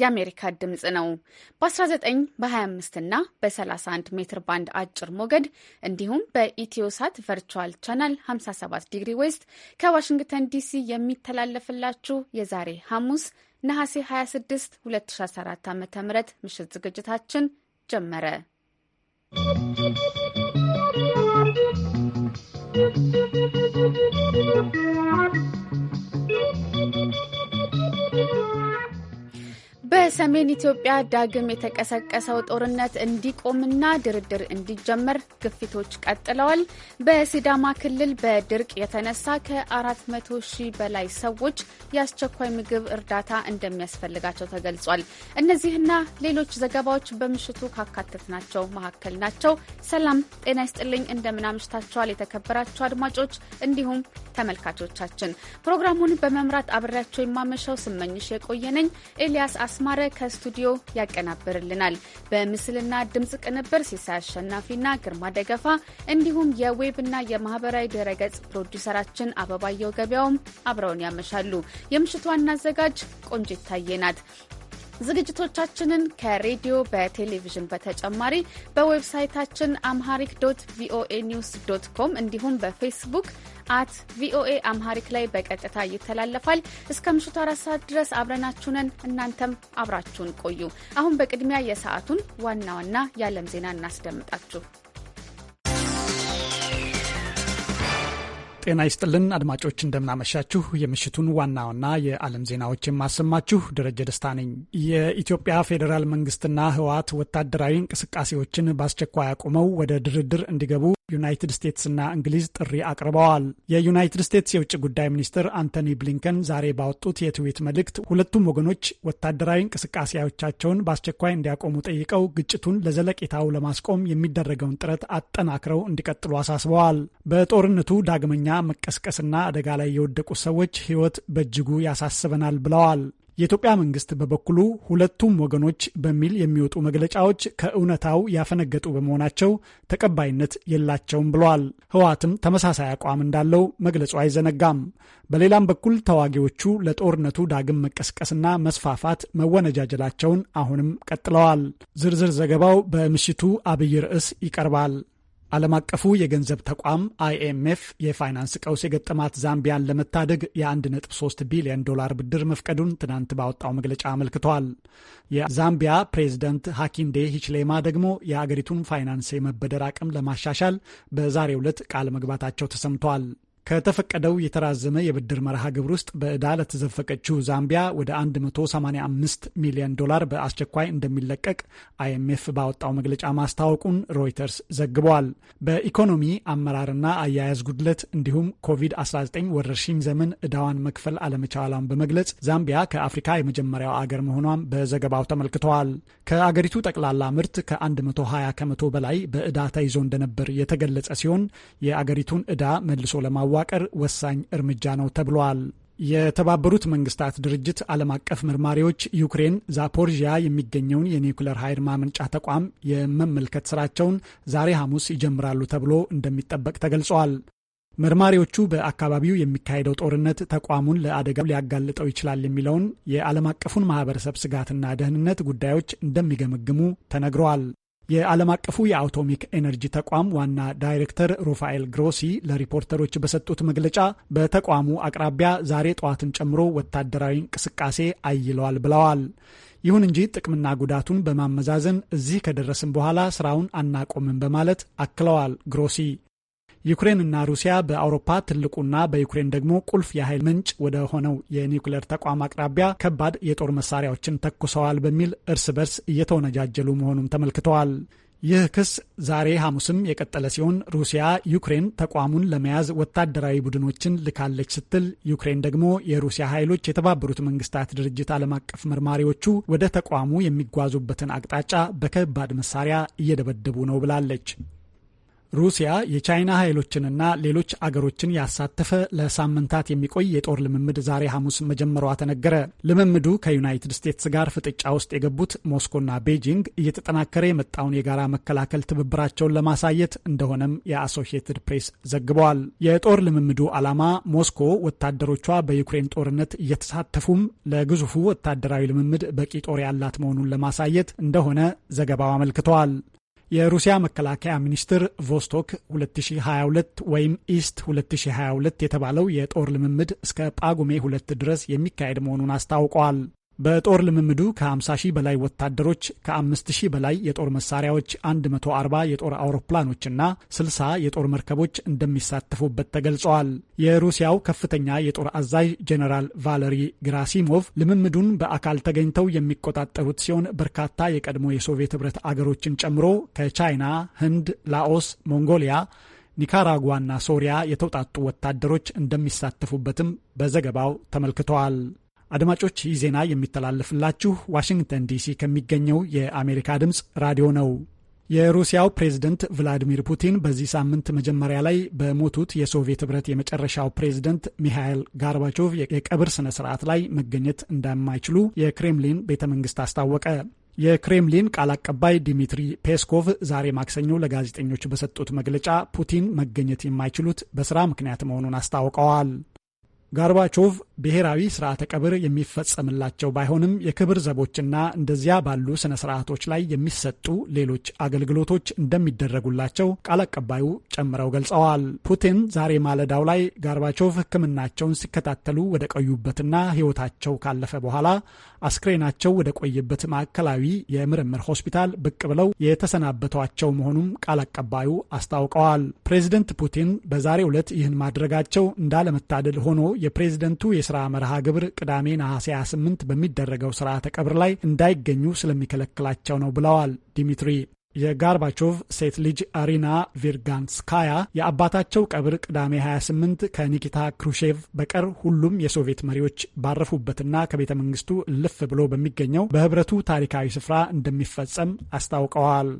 የአሜሪካ ድምፅ ነው። በ19 በ25 እና በ31 ሜትር ባንድ አጭር ሞገድ እንዲሁም በኢትዮሳት ቨርቹዋል ቻናል 57 ዲግሪ ዌስት ከዋሽንግተን ዲሲ የሚተላለፍላችሁ የዛሬ ሐሙስ ነሐሴ 26 2014 ዓ ም ምሽት ዝግጅታችን ጀመረ። ¶¶ በሰሜን ኢትዮጵያ ዳግም የተቀሰቀሰው ጦርነት እንዲቆምና ድርድር እንዲጀመር ግፊቶች ቀጥለዋል። በሲዳማ ክልል በድርቅ የተነሳ ከ400 ሺህ በላይ ሰዎች የአስቸኳይ ምግብ እርዳታ እንደሚያስፈልጋቸው ተገልጿል። እነዚህና ሌሎች ዘገባዎች በምሽቱ ካካተትናቸው መካከል ናቸው። ሰላም ጤና ይስጥልኝ። እንደምን አምሽታችኋል የተከበራችሁ አድማጮች እንዲሁም ተመልካቾቻችን። ፕሮግራሙን በመምራት አብሬያቸው የማመሻው ስመኝሽ የቆየነኝ ኤልያስ አስማረ ከስቱዲዮ ያቀናብርልናል። በምስልና ድምፅ ቅንብር ሲሳይ አሸናፊና ግርማ ደገፋ እንዲሁም የዌብና የማህበራዊ ድረገጽ ፕሮዲውሰራችን አበባየው ገበያውም አብረውን ያመሻሉ። የምሽቱ ዋና አዘጋጅ ቆንጅ ታየናት። ዝግጅቶቻችንን ከሬዲዮ በቴሌቪዥን በተጨማሪ በዌብሳይታችን አምሃሪክ ዶት ቪኦኤ ኒውስ ዶት ኮም እንዲሁም በፌስቡክ አት ቪኦኤ አምሃሪክ ላይ በቀጥታ ይተላለፋል። እስከ ምሽቱ አራት ሰዓት ድረስ አብረናችሁ እናንተም አብራችሁን ቆዩ። አሁን በቅድሚያ የሰዓቱን ዋና ዋና የዓለም ዜና እናስደምጣችሁ። ጤና ይስጥልን አድማጮች፣ እንደምናመሻችሁ። የምሽቱን ዋና ዋና የዓለም ዜናዎች የማሰማችሁ ደረጀ ደስታ ነኝ። የኢትዮጵያ ፌዴራል መንግስትና ህወሓት ወታደራዊ እንቅስቃሴዎችን በአስቸኳይ አቁመው ወደ ድርድር እንዲገቡ ዩናይትድ ስቴትስና እንግሊዝ ጥሪ አቅርበዋል። የዩናይትድ ስቴትስ የውጭ ጉዳይ ሚኒስትር አንቶኒ ብሊንከን ዛሬ ባወጡት የትዊት መልእክት ሁለቱም ወገኖች ወታደራዊ እንቅስቃሴዎቻቸውን በአስቸኳይ እንዲያቆሙ ጠይቀው ግጭቱን ለዘለቄታው ለማስቆም የሚደረገውን ጥረት አጠናክረው እንዲቀጥሉ አሳስበዋል። በጦርነቱ ዳግመኛ መቀስቀስና አደጋ ላይ የወደቁ ሰዎች ሕይወት በእጅጉ ያሳስበናል ብለዋል። የኢትዮጵያ መንግስት በበኩሉ ሁለቱም ወገኖች በሚል የሚወጡ መግለጫዎች ከእውነታው ያፈነገጡ በመሆናቸው ተቀባይነት የላቸውም ብለዋል። ህወሓትም ተመሳሳይ አቋም እንዳለው መግለጹ አይዘነጋም። በሌላም በኩል ተዋጊዎቹ ለጦርነቱ ዳግም መቀስቀስና መስፋፋት መወነጃጀላቸውን አሁንም ቀጥለዋል። ዝርዝር ዘገባው በምሽቱ አብይ ርዕስ ይቀርባል። ዓለም አቀፉ የገንዘብ ተቋም አይኤምኤፍ የፋይናንስ ቀውስ የገጠማት ዛምቢያን ለመታደግ የ1.3 ቢሊዮን ዶላር ብድር መፍቀዱን ትናንት ባወጣው መግለጫ አመልክተዋል። የዛምቢያ ፕሬዚደንት ሀኪንዴ ሂችሌማ ደግሞ የአገሪቱን ፋይናንስ የመበደር አቅም ለማሻሻል በዛሬው ዕለት ቃል መግባታቸው ተሰምተዋል። ከተፈቀደው የተራዘመ የብድር መርሃ ግብር ውስጥ በዕዳ ለተዘፈቀችው ዛምቢያ ወደ 185 ሚሊዮን ዶላር በአስቸኳይ እንደሚለቀቅ አይኤምኤፍ ባወጣው መግለጫ ማስታወቁን ሮይተርስ ዘግቧል። በኢኮኖሚ አመራርና አያያዝ ጉድለት እንዲሁም ኮቪድ-19 ወረርሽኝ ዘመን ዕዳዋን መክፈል አለመቻሏን በመግለጽ ዛምቢያ ከአፍሪካ የመጀመሪያው አገር መሆኗን በዘገባው ተመልክተዋል። ከአገሪቱ ጠቅላላ ምርት ከ120 ከመቶ በላይ በዕዳ ተይዞ እንደነበር የተገለጸ ሲሆን የአገሪቱን ዕዳ መልሶ ለማዋ ማዋቀር ወሳኝ እርምጃ ነው ተብሏል። የተባበሩት መንግስታት ድርጅት ዓለም አቀፍ መርማሪዎች ዩክሬን ዛፖርዥያ የሚገኘውን የኒውክለር ኃይል ማመንጫ ተቋም የመመልከት ስራቸውን ዛሬ ሐሙስ ይጀምራሉ ተብሎ እንደሚጠበቅ ተገልጿል። መርማሪዎቹ በአካባቢው የሚካሄደው ጦርነት ተቋሙን ለአደጋው ሊያጋልጠው ይችላል የሚለውን የዓለም አቀፉን ማህበረሰብ ስጋትና ደህንነት ጉዳዮች እንደሚገመግሙ ተነግረዋል። የዓለም አቀፉ የአቶሚክ ኤነርጂ ተቋም ዋና ዳይሬክተር ሩፋኤል ግሮሲ ለሪፖርተሮች በሰጡት መግለጫ በተቋሙ አቅራቢያ ዛሬ ጠዋትን ጨምሮ ወታደራዊ እንቅስቃሴ አይለዋል ብለዋል። ይሁን እንጂ ጥቅምና ጉዳቱን በማመዛዘን እዚህ ከደረስን በኋላ ስራውን አናቆምም በማለት አክለዋል ግሮሲ ዩክሬንና ሩሲያ በአውሮፓ ትልቁና በዩክሬን ደግሞ ቁልፍ የኃይል ምንጭ ወደ ሆነው የኒውክሌር ተቋም አቅራቢያ ከባድ የጦር መሳሪያዎችን ተኩሰዋል በሚል እርስ በርስ እየተወነጃጀሉ መሆኑም ተመልክተዋል። ይህ ክስ ዛሬ ሐሙስም የቀጠለ ሲሆን ሩሲያ ዩክሬን ተቋሙን ለመያዝ ወታደራዊ ቡድኖችን ልካለች ስትል ዩክሬን ደግሞ የሩሲያ ኃይሎች የተባበሩት መንግስታት ድርጅት ዓለም አቀፍ መርማሪዎቹ ወደ ተቋሙ የሚጓዙበትን አቅጣጫ በከባድ መሳሪያ እየደበደቡ ነው ብላለች። ሩሲያ የቻይና ኃይሎችንና ሌሎች አገሮችን ያሳተፈ ለሳምንታት የሚቆይ የጦር ልምምድ ዛሬ ሐሙስ መጀመሯ ተነገረ። ልምምዱ ከዩናይትድ ስቴትስ ጋር ፍጥጫ ውስጥ የገቡት ሞስኮና ቤጂንግ እየተጠናከረ የመጣውን የጋራ መከላከል ትብብራቸውን ለማሳየት እንደሆነም የአሶሺየትድ ፕሬስ ዘግበዋል። የጦር ልምምዱ ዓላማ ሞስኮ ወታደሮቿ በዩክሬን ጦርነት እየተሳተፉም ለግዙፉ ወታደራዊ ልምምድ በቂ ጦር ያላት መሆኑን ለማሳየት እንደሆነ ዘገባው አመልክተዋል። የሩሲያ መከላከያ ሚኒስትር ቮስቶክ 2022 ወይም ኢስት 2022 የተባለው የጦር ልምምድ እስከ ጳጉሜ ሁለት ድረስ የሚካሄድ መሆኑን አስታውቀዋል። በጦር ልምምዱ ከ50 ሺህ በላይ ወታደሮች፣ ከ5 ሺህ በላይ የጦር መሳሪያዎች፣ 140 የጦር አውሮፕላኖችና 60 የጦር መርከቦች እንደሚሳተፉበት ተገልጸዋል። የሩሲያው ከፍተኛ የጦር አዛዥ ጄኔራል ቫለሪ ግራሲሞቭ ልምምዱን በአካል ተገኝተው የሚቆጣጠሩት ሲሆን በርካታ የቀድሞ የሶቪየት ህብረት አገሮችን ጨምሮ ከቻይና፣ ህንድ፣ ላኦስ፣ ሞንጎሊያ ኒካራጓና ሶሪያ የተውጣጡ ወታደሮች እንደሚሳተፉበትም በዘገባው ተመልክተዋል። አድማጮች ይህ ዜና የሚተላለፍላችሁ ዋሽንግተን ዲሲ ከሚገኘው የአሜሪካ ድምፅ ራዲዮ ነው። የሩሲያው ፕሬዝደንት ቭላዲሚር ፑቲን በዚህ ሳምንት መጀመሪያ ላይ በሞቱት የሶቪየት ህብረት የመጨረሻው ፕሬዝደንት ሚሃኤል ጋርባቾቭ የቀብር ስነ ስርዓት ላይ መገኘት እንደማይችሉ የክሬምሊን ቤተ መንግስት አስታወቀ። የክሬምሊን ቃል አቀባይ ዲሚትሪ ፔስኮቭ ዛሬ ማክሰኞ ለጋዜጠኞች በሰጡት መግለጫ ፑቲን መገኘት የማይችሉት በስራ ምክንያት መሆኑን አስታውቀዋል። ጋርባቾቭ ብሔራዊ ስርዓተ ቀብር የሚፈጸምላቸው ባይሆንም የክብር ዘቦችና እንደዚያ ባሉ ስነ ስርዓቶች ላይ የሚሰጡ ሌሎች አገልግሎቶች እንደሚደረጉላቸው ቃል አቀባዩ ጨምረው ገልጸዋል። ፑቲን ዛሬ ማለዳው ላይ ጋርባቾቭ ሕክምናቸውን ሲከታተሉ ወደ ቆዩበትና ሕይወታቸው ካለፈ በኋላ አስክሬናቸው ወደ ቆየበት ማዕከላዊ የምርምር ሆስፒታል ብቅ ብለው የተሰናበቷቸው መሆኑም ቃል አቀባዩ አስታውቀዋል። ፕሬዚደንት ፑቲን በዛሬው ዕለት ይህን ማድረጋቸው እንዳለመታደል ሆኖ የፕሬዝደንቱ የስራ መርሃ ግብር ቅዳሜ ነሐሴ 28 በሚደረገው ስርዓተ ቀብር ላይ እንዳይገኙ ስለሚከለክላቸው ነው ብለዋል ዲሚትሪ። የጋርባቾቭ ሴት ልጅ አሪና ቪርጋንስካያ የአባታቸው ቀብር ቅዳሜ 28 ከኒኪታ ክሩሼቭ በቀር ሁሉም የሶቪየት መሪዎች ባረፉበትና ከቤተ መንግስቱ እልፍ ብሎ በሚገኘው በህብረቱ ታሪካዊ ስፍራ እንደሚፈጸም አስታውቀዋል።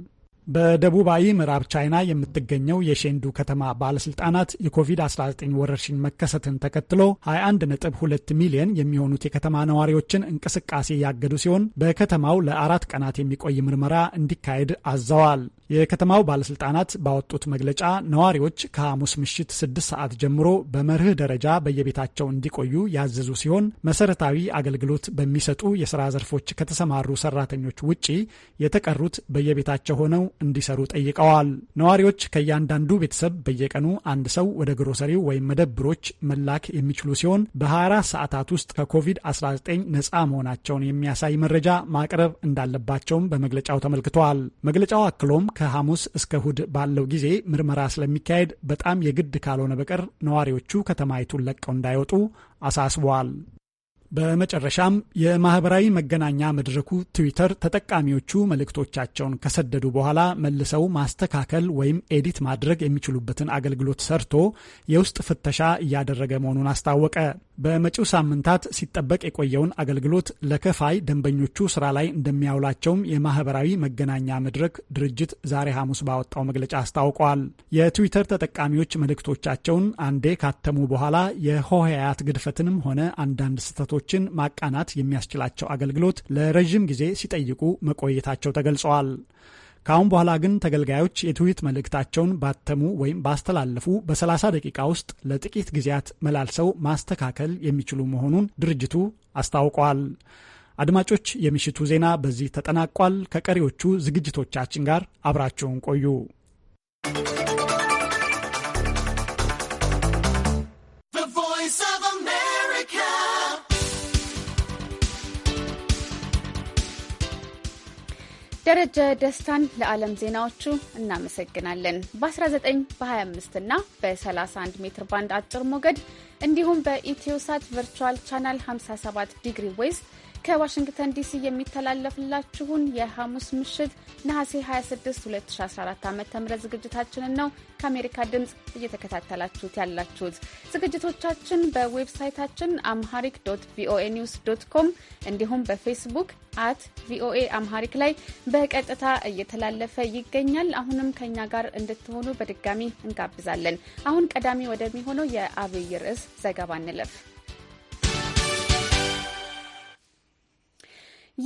በደቡባዊ ምዕራብ ቻይና የምትገኘው የሼንዱ ከተማ ባለስልጣናት የኮቪድ-19 ወረርሽኝ መከሰትን ተከትሎ 21.2 ሚሊዮን የሚሆኑት የከተማ ነዋሪዎችን እንቅስቃሴ ያገዱ ሲሆን በከተማው ለአራት ቀናት የሚቆይ ምርመራ እንዲካሄድ አዘዋል። የከተማው ባለስልጣናት ባወጡት መግለጫ ነዋሪዎች ከሐሙስ ምሽት ስድስት ሰዓት ጀምሮ በመርህ ደረጃ በየቤታቸው እንዲቆዩ ያዘዙ ሲሆን መሰረታዊ አገልግሎት በሚሰጡ የስራ ዘርፎች ከተሰማሩ ሰራተኞች ውጪ የተቀሩት በየቤታቸው ሆነው እንዲሰሩ ጠይቀዋል። ነዋሪዎች ከእያንዳንዱ ቤተሰብ በየቀኑ አንድ ሰው ወደ ግሮሰሪው ወይም መደብሮች መላክ የሚችሉ ሲሆን በ24 ሰዓታት ውስጥ ከኮቪድ-19 ነፃ መሆናቸውን የሚያሳይ መረጃ ማቅረብ እንዳለባቸውም በመግለጫው ተመልክተዋል። መግለጫው አክሎም ከሐሙስ እስከ እሁድ ባለው ጊዜ ምርመራ ስለሚካሄድ በጣም የግድ ካልሆነ በቀር ነዋሪዎቹ ከተማይቱን ለቀው እንዳይወጡ አሳስበዋል። በመጨረሻም የማህበራዊ መገናኛ መድረኩ ትዊተር ተጠቃሚዎቹ መልእክቶቻቸውን ከሰደዱ በኋላ መልሰው ማስተካከል ወይም ኤዲት ማድረግ የሚችሉበትን አገልግሎት ሰርቶ የውስጥ ፍተሻ እያደረገ መሆኑን አስታወቀ። በመጪው ሳምንታት ሲጠበቅ የቆየውን አገልግሎት ለከፋይ ደንበኞቹ ስራ ላይ እንደሚያውላቸውም የማህበራዊ መገናኛ መድረክ ድርጅት ዛሬ ሐሙስ ባወጣው መግለጫ አስታውቋል። የትዊተር ተጠቃሚዎች መልእክቶቻቸውን አንዴ ካተሙ በኋላ የሆሄያት ግድፈትንም ሆነ አንዳንድ ስህተቶችን ማቃናት የሚያስችላቸው አገልግሎት ለረዥም ጊዜ ሲጠይቁ መቆየታቸው ተገልጸዋል። ከአሁን በኋላ ግን ተገልጋዮች የትዊት መልእክታቸውን ባተሙ ወይም ባስተላለፉ በ30 ደቂቃ ውስጥ ለጥቂት ጊዜያት መላልሰው ማስተካከል የሚችሉ መሆኑን ድርጅቱ አስታውቋል። አድማጮች፣ የምሽቱ ዜና በዚህ ተጠናቋል። ከቀሪዎቹ ዝግጅቶቻችን ጋር አብራችሁን ቆዩ። ደረጀ ደስታን ለዓለም ዜናዎቹ እናመሰግናለን። በ19 በ25 እና በ31 ሜትር ባንድ አጭር ሞገድ እንዲሁም በኢትዮሳት ቨርቹዋል ቻናል 57 ዲግሪ ዌስት ከዋሽንግተን ዲሲ የሚተላለፍላችሁን የሐሙስ ምሽት ነሐሴ 26 2014 ዓ ም ዝግጅታችንን ነው ከአሜሪካ ድምፅ እየተከታተላችሁት ያላችሁት። ዝግጅቶቻችን በዌብሳይታችን አምሃሪክ ዶት ቪኦኤ ኒውስ ዶት ኮም እንዲሁም በፌስቡክ አት ቪኦኤ አምሃሪክ ላይ በቀጥታ እየተላለፈ ይገኛል። አሁንም ከእኛ ጋር እንድትሆኑ በድጋሚ እንጋብዛለን። አሁን ቀዳሚ ወደሚሆነው የአብይ ርዕስ ዘገባ እንለፍ።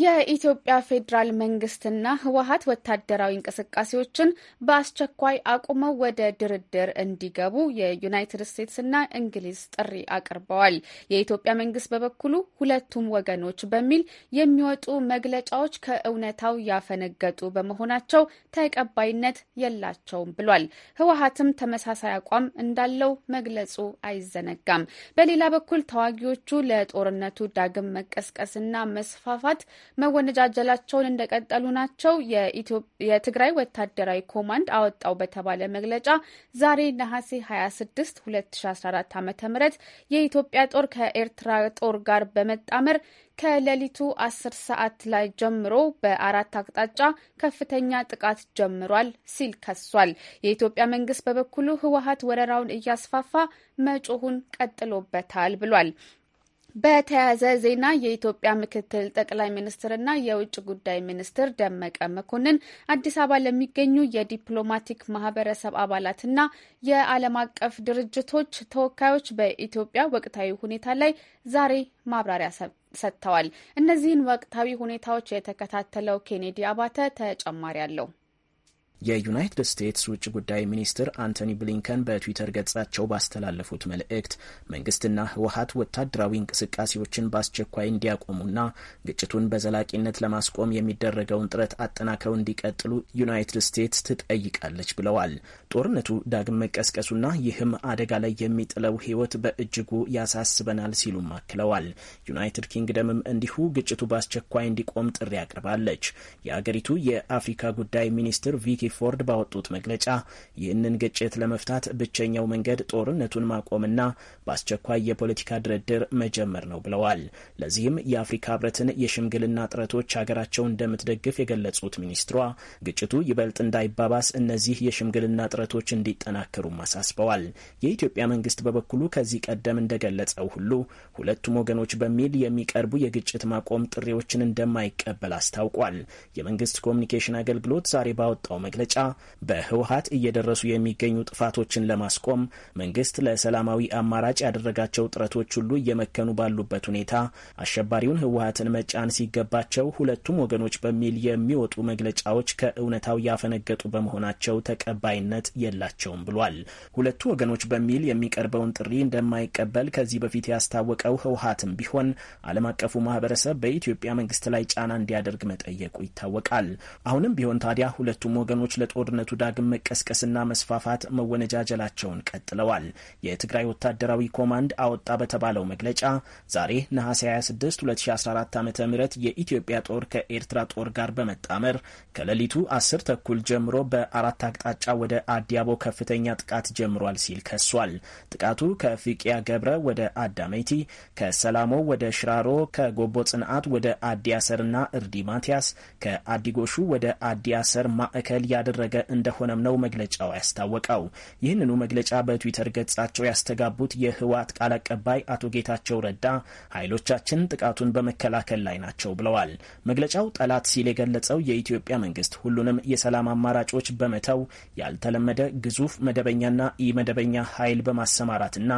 የኢትዮጵያ ፌዴራል መንግስትና ህወሀት ወታደራዊ እንቅስቃሴዎችን በአስቸኳይ አቁመው ወደ ድርድር እንዲገቡ የዩናይትድ ስቴትስና እንግሊዝ ጥሪ አቅርበዋል። የኢትዮጵያ መንግስት በበኩሉ ሁለቱም ወገኖች በሚል የሚወጡ መግለጫዎች ከእውነታው ያፈነገጡ በመሆናቸው ተቀባይነት የላቸውም ብሏል። ህወሀትም ተመሳሳይ አቋም እንዳለው መግለጹ አይዘነጋም። በሌላ በኩል ተዋጊዎቹ ለጦርነቱ ዳግም መቀስቀስና መስፋፋት መወነጃጀላቸውን እንደቀጠሉ ናቸው። የትግራይ ወታደራዊ ኮማንድ አወጣው በተባለ መግለጫ ዛሬ ነሐሴ 26 2014 ዓ ም የኢትዮጵያ ጦር ከኤርትራ ጦር ጋር በመጣመር ከሌሊቱ አስር ሰዓት ላይ ጀምሮ በአራት አቅጣጫ ከፍተኛ ጥቃት ጀምሯል ሲል ከሷል። የኢትዮጵያ መንግስት በበኩሉ ህወሀት ወረራውን እያስፋፋ መጮሁን ቀጥሎበታል ብሏል። በተያያዘ ዜና የኢትዮጵያ ምክትል ጠቅላይ ሚኒስትርና የውጭ ጉዳይ ሚኒስትር ደመቀ መኮንን አዲስ አበባ ለሚገኙ የዲፕሎማቲክ ማህበረሰብ አባላትና የዓለም አቀፍ ድርጅቶች ተወካዮች በኢትዮጵያ ወቅታዊ ሁኔታ ላይ ዛሬ ማብራሪያ ሰጥተዋል። እነዚህን ወቅታዊ ሁኔታዎች የተከታተለው ኬኔዲ አባተ ተጨማሪ አለው። የዩናይትድ ስቴትስ ውጭ ጉዳይ ሚኒስትር አንቶኒ ብሊንከን በትዊተር ገጻቸው ባስተላለፉት መልእክት መንግስትና ህወሀት ወታደራዊ እንቅስቃሴዎችን በአስቸኳይ እንዲያቆሙና ግጭቱን በዘላቂነት ለማስቆም የሚደረገውን ጥረት አጠናክረው እንዲቀጥሉ ዩናይትድ ስቴትስ ትጠይቃለች ብለዋል። ጦርነቱ ዳግም መቀስቀሱና ይህም አደጋ ላይ የሚጥለው ህይወት በእጅጉ ያሳስበናል ሲሉም አክለዋል። ዩናይትድ ኪንግደምም እንዲሁ ግጭቱ በአስቸኳይ እንዲቆም ጥሪ አቅርባለች። የአገሪቱ የአፍሪካ ጉዳይ ሚኒስትር ቪኪ ፎርድ ባወጡት መግለጫ ይህንን ግጭት ለመፍታት ብቸኛው መንገድ ጦርነቱን ማቆምና በአስቸኳይ የፖለቲካ ድርድር መጀመር ነው ብለዋል። ለዚህም የአፍሪካ ህብረትን የሽምግልና ጥረቶች ሀገራቸው እንደምትደግፍ የገለጹት ሚኒስትሯ ግጭቱ ይበልጥ እንዳይባባስ እነዚህ የሽምግልና ጥረቶች እንዲጠናከሩም አሳስበዋል። የኢትዮጵያ መንግስት በበኩሉ ከዚህ ቀደም እንደገለጸው ሁሉ ሁለቱም ወገኖች በሚል የሚቀርቡ የግጭት ማቆም ጥሪዎችን እንደማይቀበል አስታውቋል። የመንግስት ኮሚኒኬሽን አገልግሎት ዛሬ ባወጣው መግለ መግለጫ በህወሀት እየደረሱ የሚገኙ ጥፋቶችን ለማስቆም መንግስት ለሰላማዊ አማራጭ ያደረጋቸው ጥረቶች ሁሉ እየመከኑ ባሉበት ሁኔታ አሸባሪውን ህወሀትን መጫን ሲገባቸው ሁለቱም ወገኖች በሚል የሚወጡ መግለጫዎች ከእውነታው ያፈነገጡ በመሆናቸው ተቀባይነት የላቸውም ብሏል። ሁለቱ ወገኖች በሚል የሚቀርበውን ጥሪ እንደማይቀበል ከዚህ በፊት ያስታወቀው ህወሀትም ቢሆን ዓለም አቀፉ ማህበረሰብ በኢትዮጵያ መንግስት ላይ ጫና እንዲያደርግ መጠየቁ ይታወቃል። አሁንም ቢሆን ታዲያ ሁለቱም ወገኖች ኃይሎች ለጦርነቱ ዳግም መቀስቀስና መስፋፋት መወነጃጀላቸውን ቀጥለዋል። የትግራይ ወታደራዊ ኮማንድ አወጣ በተባለው መግለጫ ዛሬ ነሐሴ 26 2014 ዓ ም የኢትዮጵያ ጦር ከኤርትራ ጦር ጋር በመጣመር ከሌሊቱ 10 ተኩል ጀምሮ በአራት አቅጣጫ ወደ አዲያቦ ከፍተኛ ጥቃት ጀምሯል ሲል ከሷል። ጥቃቱ ከፊቅያ ገብረ ወደ አዳመይቲ፣ ከሰላሞ ወደ ሽራሮ፣ ከጎቦ ጽንዓት ወደ አዲያሰርና እርዲ ማቲያስ፣ ከአዲጎሹ ወደ አዲያሰር ማዕከል እያደረገ እንደሆነም ነው መግለጫው ያስታወቀው። ይህንኑ መግለጫ በትዊተር ገጻቸው ያስተጋቡት የህወሓት ቃል አቀባይ አቶ ጌታቸው ረዳ ኃይሎቻችን ጥቃቱን በመከላከል ላይ ናቸው ብለዋል። መግለጫው ጠላት ሲል የገለጸው የኢትዮጵያ መንግስት ሁሉንም የሰላም አማራጮች በመተው ያልተለመደ ግዙፍ መደበኛና ኢመደበኛ ኃይል በማሰማራትና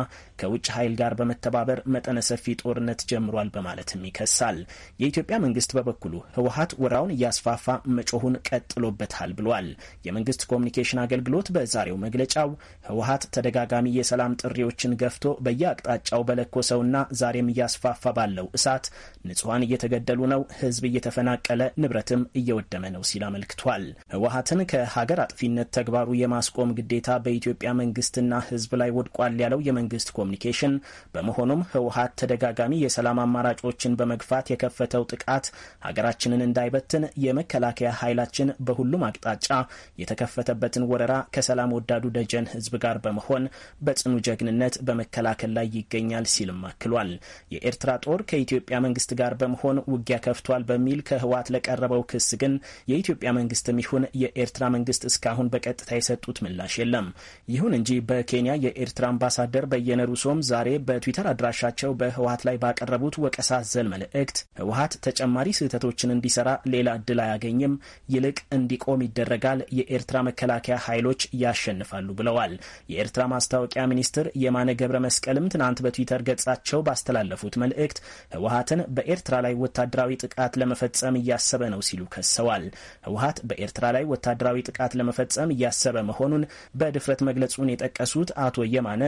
ከውጭ ኃይል ጋር በመተባበር መጠነ ሰፊ ጦርነት ጀምሯል በማለትም ይከሳል። የኢትዮጵያ መንግስት በበኩሉ ህወሓት ወራውን እያስፋፋ መጮሁን ቀጥሎበታል ብሏል። ገልጿል። የመንግስት ኮሚኒኬሽን አገልግሎት በዛሬው መግለጫው ህወሀት ተደጋጋሚ የሰላም ጥሪዎችን ገፍቶ በየአቅጣጫው በለኮሰውና ዛሬም እያስፋፋ ባለው እሳት ንጹሐን እየተገደሉ ነው፣ ህዝብ እየተፈናቀለ ንብረትም እየወደመ ነው ሲል አመልክቷል። ህወሀትን ከሀገር አጥፊነት ተግባሩ የማስቆም ግዴታ በኢትዮጵያ መንግስትና ህዝብ ላይ ወድቋል ያለው የመንግስት ኮሚኒኬሽን በመሆኑም ህወሀት ተደጋጋሚ የሰላም አማራጮችን በመግፋት የከፈተው ጥቃት ሀገራችንን እንዳይበትን የመከላከያ ኃይላችን በሁሉም አቅጣጫ የተከፈተበትን ወረራ ከሰላም ወዳዱ ደጀን ህዝብ ጋር በመሆን በጽኑ ጀግንነት በመከላከል ላይ ይገኛል ሲልም አክሏል። የኤርትራ ጦር ከኢትዮጵያ መንግስት ጋር በመሆን ውጊያ ከፍቷል በሚል ከህወሓት ለቀረበው ክስ ግን የኢትዮጵያ መንግስትም ይሁን የኤርትራ መንግስት እስካሁን በቀጥታ የሰጡት ምላሽ የለም። ይሁን እንጂ በኬንያ የኤርትራ አምባሳደር በየነ ሩሶም ዛሬ በትዊተር አድራሻቸው በህወሓት ላይ ባቀረቡት ወቀሳ ዘል መልእክት ህወሓት ተጨማሪ ስህተቶችን እንዲሰራ ሌላ እድል አያገኝም፣ ይልቅ እንዲቆም ይደረጋል ሴኔጋል የኤርትራ መከላከያ ኃይሎች ያሸንፋሉ ብለዋል። የኤርትራ ማስታወቂያ ሚኒስትር የማነ ገብረ መስቀልም ትናንት በትዊተር ገጻቸው ባስተላለፉት መልእክት ህወሀትን በኤርትራ ላይ ወታደራዊ ጥቃት ለመፈጸም እያሰበ ነው ሲሉ ከሰዋል። ህወሀት በኤርትራ ላይ ወታደራዊ ጥቃት ለመፈጸም እያሰበ መሆኑን በድፍረት መግለጹን የጠቀሱት አቶ የማነ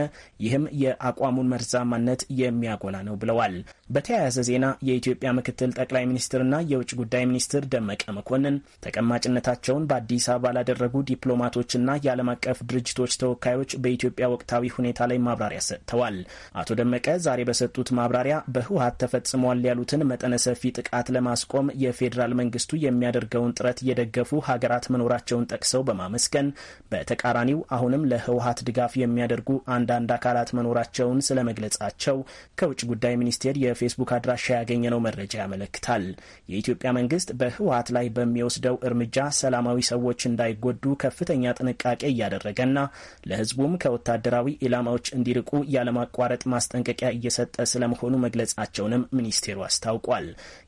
ይህም የአቋሙን መርዛማነት የሚያጎላ ነው ብለዋል። በተያያዘ ዜና የኢትዮጵያ ምክትል ጠቅላይ ሚኒስትርና የውጭ ጉዳይ ሚኒስትር ደመቀ መኮንን ተቀማጭነታቸውን በአዲስ አበባ ላደረጉ ዲፕሎማቶችና የዓለም አቀፍ ድርጅቶች ተወካዮች በኢትዮጵያ ወቅታዊ ሁኔታ ላይ ማብራሪያ ሰጥተዋል። አቶ ደመቀ ዛሬ በሰጡት ማብራሪያ በህወሀት ተፈጽሟል ያሉትን መጠነ ሰፊ ጥቃት ለማስቆም የፌዴራል መንግስቱ የሚያደርገውን ጥረት የደገፉ ሀገራት መኖራቸውን ጠቅሰው በማመስገን በተቃራኒው አሁንም ለህወሀት ድጋፍ የሚያደርጉ አንዳንድ አካላት መኖራቸውን ስለመግለጻቸው ከውጭ ጉዳይ ሚኒስቴር ከፌስቡክ አድራሻ ያገኘነው መረጃ ያመለክታል። የኢትዮጵያ መንግስት በህወሀት ላይ በሚወስደው እርምጃ ሰላማዊ ሰዎች እንዳይጎዱ ከፍተኛ ጥንቃቄ እያደረገና ለህዝቡም ከወታደራዊ ኢላማዎች እንዲርቁ ያለማቋረጥ ማስጠንቀቂያ እየሰጠ ስለመሆኑ መግለጻቸውንም ሚኒስቴሩ አስታውቋል።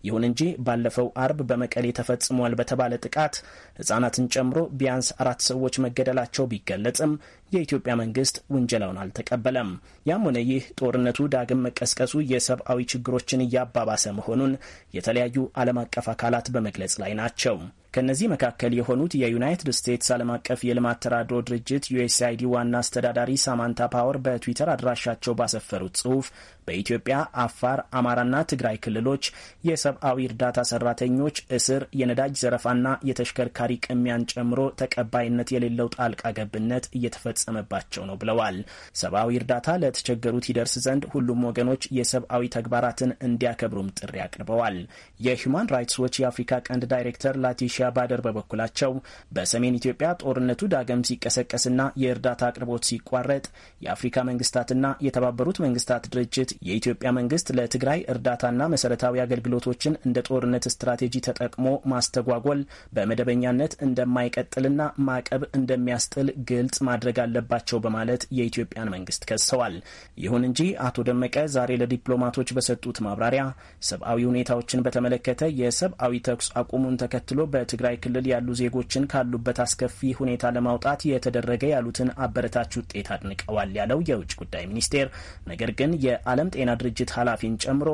ይሁን እንጂ ባለፈው አርብ በመቀሌ ተፈጽሟል በተባለ ጥቃት ህጻናትን ጨምሮ ቢያንስ አራት ሰዎች መገደላቸው ቢገለጽም የኢትዮጵያ መንግስት ውንጀላውን አልተቀበለም። ያም ሆነ ይህ ጦርነቱ ዳግም መቀስቀሱ የሰብአዊ ችግሮችን እያባባሰ መሆኑን የተለያዩ ዓለም አቀፍ አካላት በመግለጽ ላይ ናቸው። ከእነዚህ መካከል የሆኑት የዩናይትድ ስቴትስ ዓለም አቀፍ የልማት ተራድሮ ድርጅት ዩኤስአይዲ ዋና አስተዳዳሪ ሳማንታ ፓወር በትዊተር አድራሻቸው ባሰፈሩት ጽሑፍ በኢትዮጵያ አፋር፣ አማራና ትግራይ ክልሎች የሰብአዊ እርዳታ ሰራተኞች እስር፣ የነዳጅ ዘረፋና የተሽከርካሪ ቅሚያን ጨምሮ ተቀባይነት የሌለው ጣልቃ ገብነት እየተፈጸመባቸው ነው ብለዋል። ሰብአዊ እርዳታ ለተቸገሩት ይደርስ ዘንድ ሁሉም ወገኖች የሰብአዊ ተግባራትን እንዲያከብሩም ጥሪ አቅርበዋል። የሂውማን ራይትስ ዎች የአፍሪካ ቀንድ ዳይሬክተር ላቲሽ ባደር በበኩላቸው በሰሜን ኢትዮጵያ ጦርነቱ ዳግም ሲቀሰቀስና የእርዳታ አቅርቦት ሲቋረጥ የአፍሪካ መንግስታትና የተባበሩት መንግስታት ድርጅት የኢትዮጵያ መንግስት ለትግራይ እርዳታና መሰረታዊ አገልግሎቶችን እንደ ጦርነት ስትራቴጂ ተጠቅሞ ማስተጓጎል በመደበኛነት እንደማይቀጥልና ማዕቀብ እንደሚያስጥል ግልጽ ማድረግ አለባቸው በማለት የኢትዮጵያን መንግስት ከሰዋል። ይሁን እንጂ አቶ ደመቀ ዛሬ ለዲፕሎማቶች በሰጡት ማብራሪያ ሰብአዊ ሁኔታዎችን በተመለከተ የሰብአዊ ተኩስ አቁሙን ተከትሎ በ በትግራይ ክልል ያሉ ዜጎችን ካሉበት አስከፊ ሁኔታ ለማውጣት የተደረገ ያሉትን አበረታች ውጤት አድንቀዋል ያለው የውጭ ጉዳይ ሚኒስቴር፣ ነገር ግን የዓለም ጤና ድርጅት ኃላፊን ጨምሮ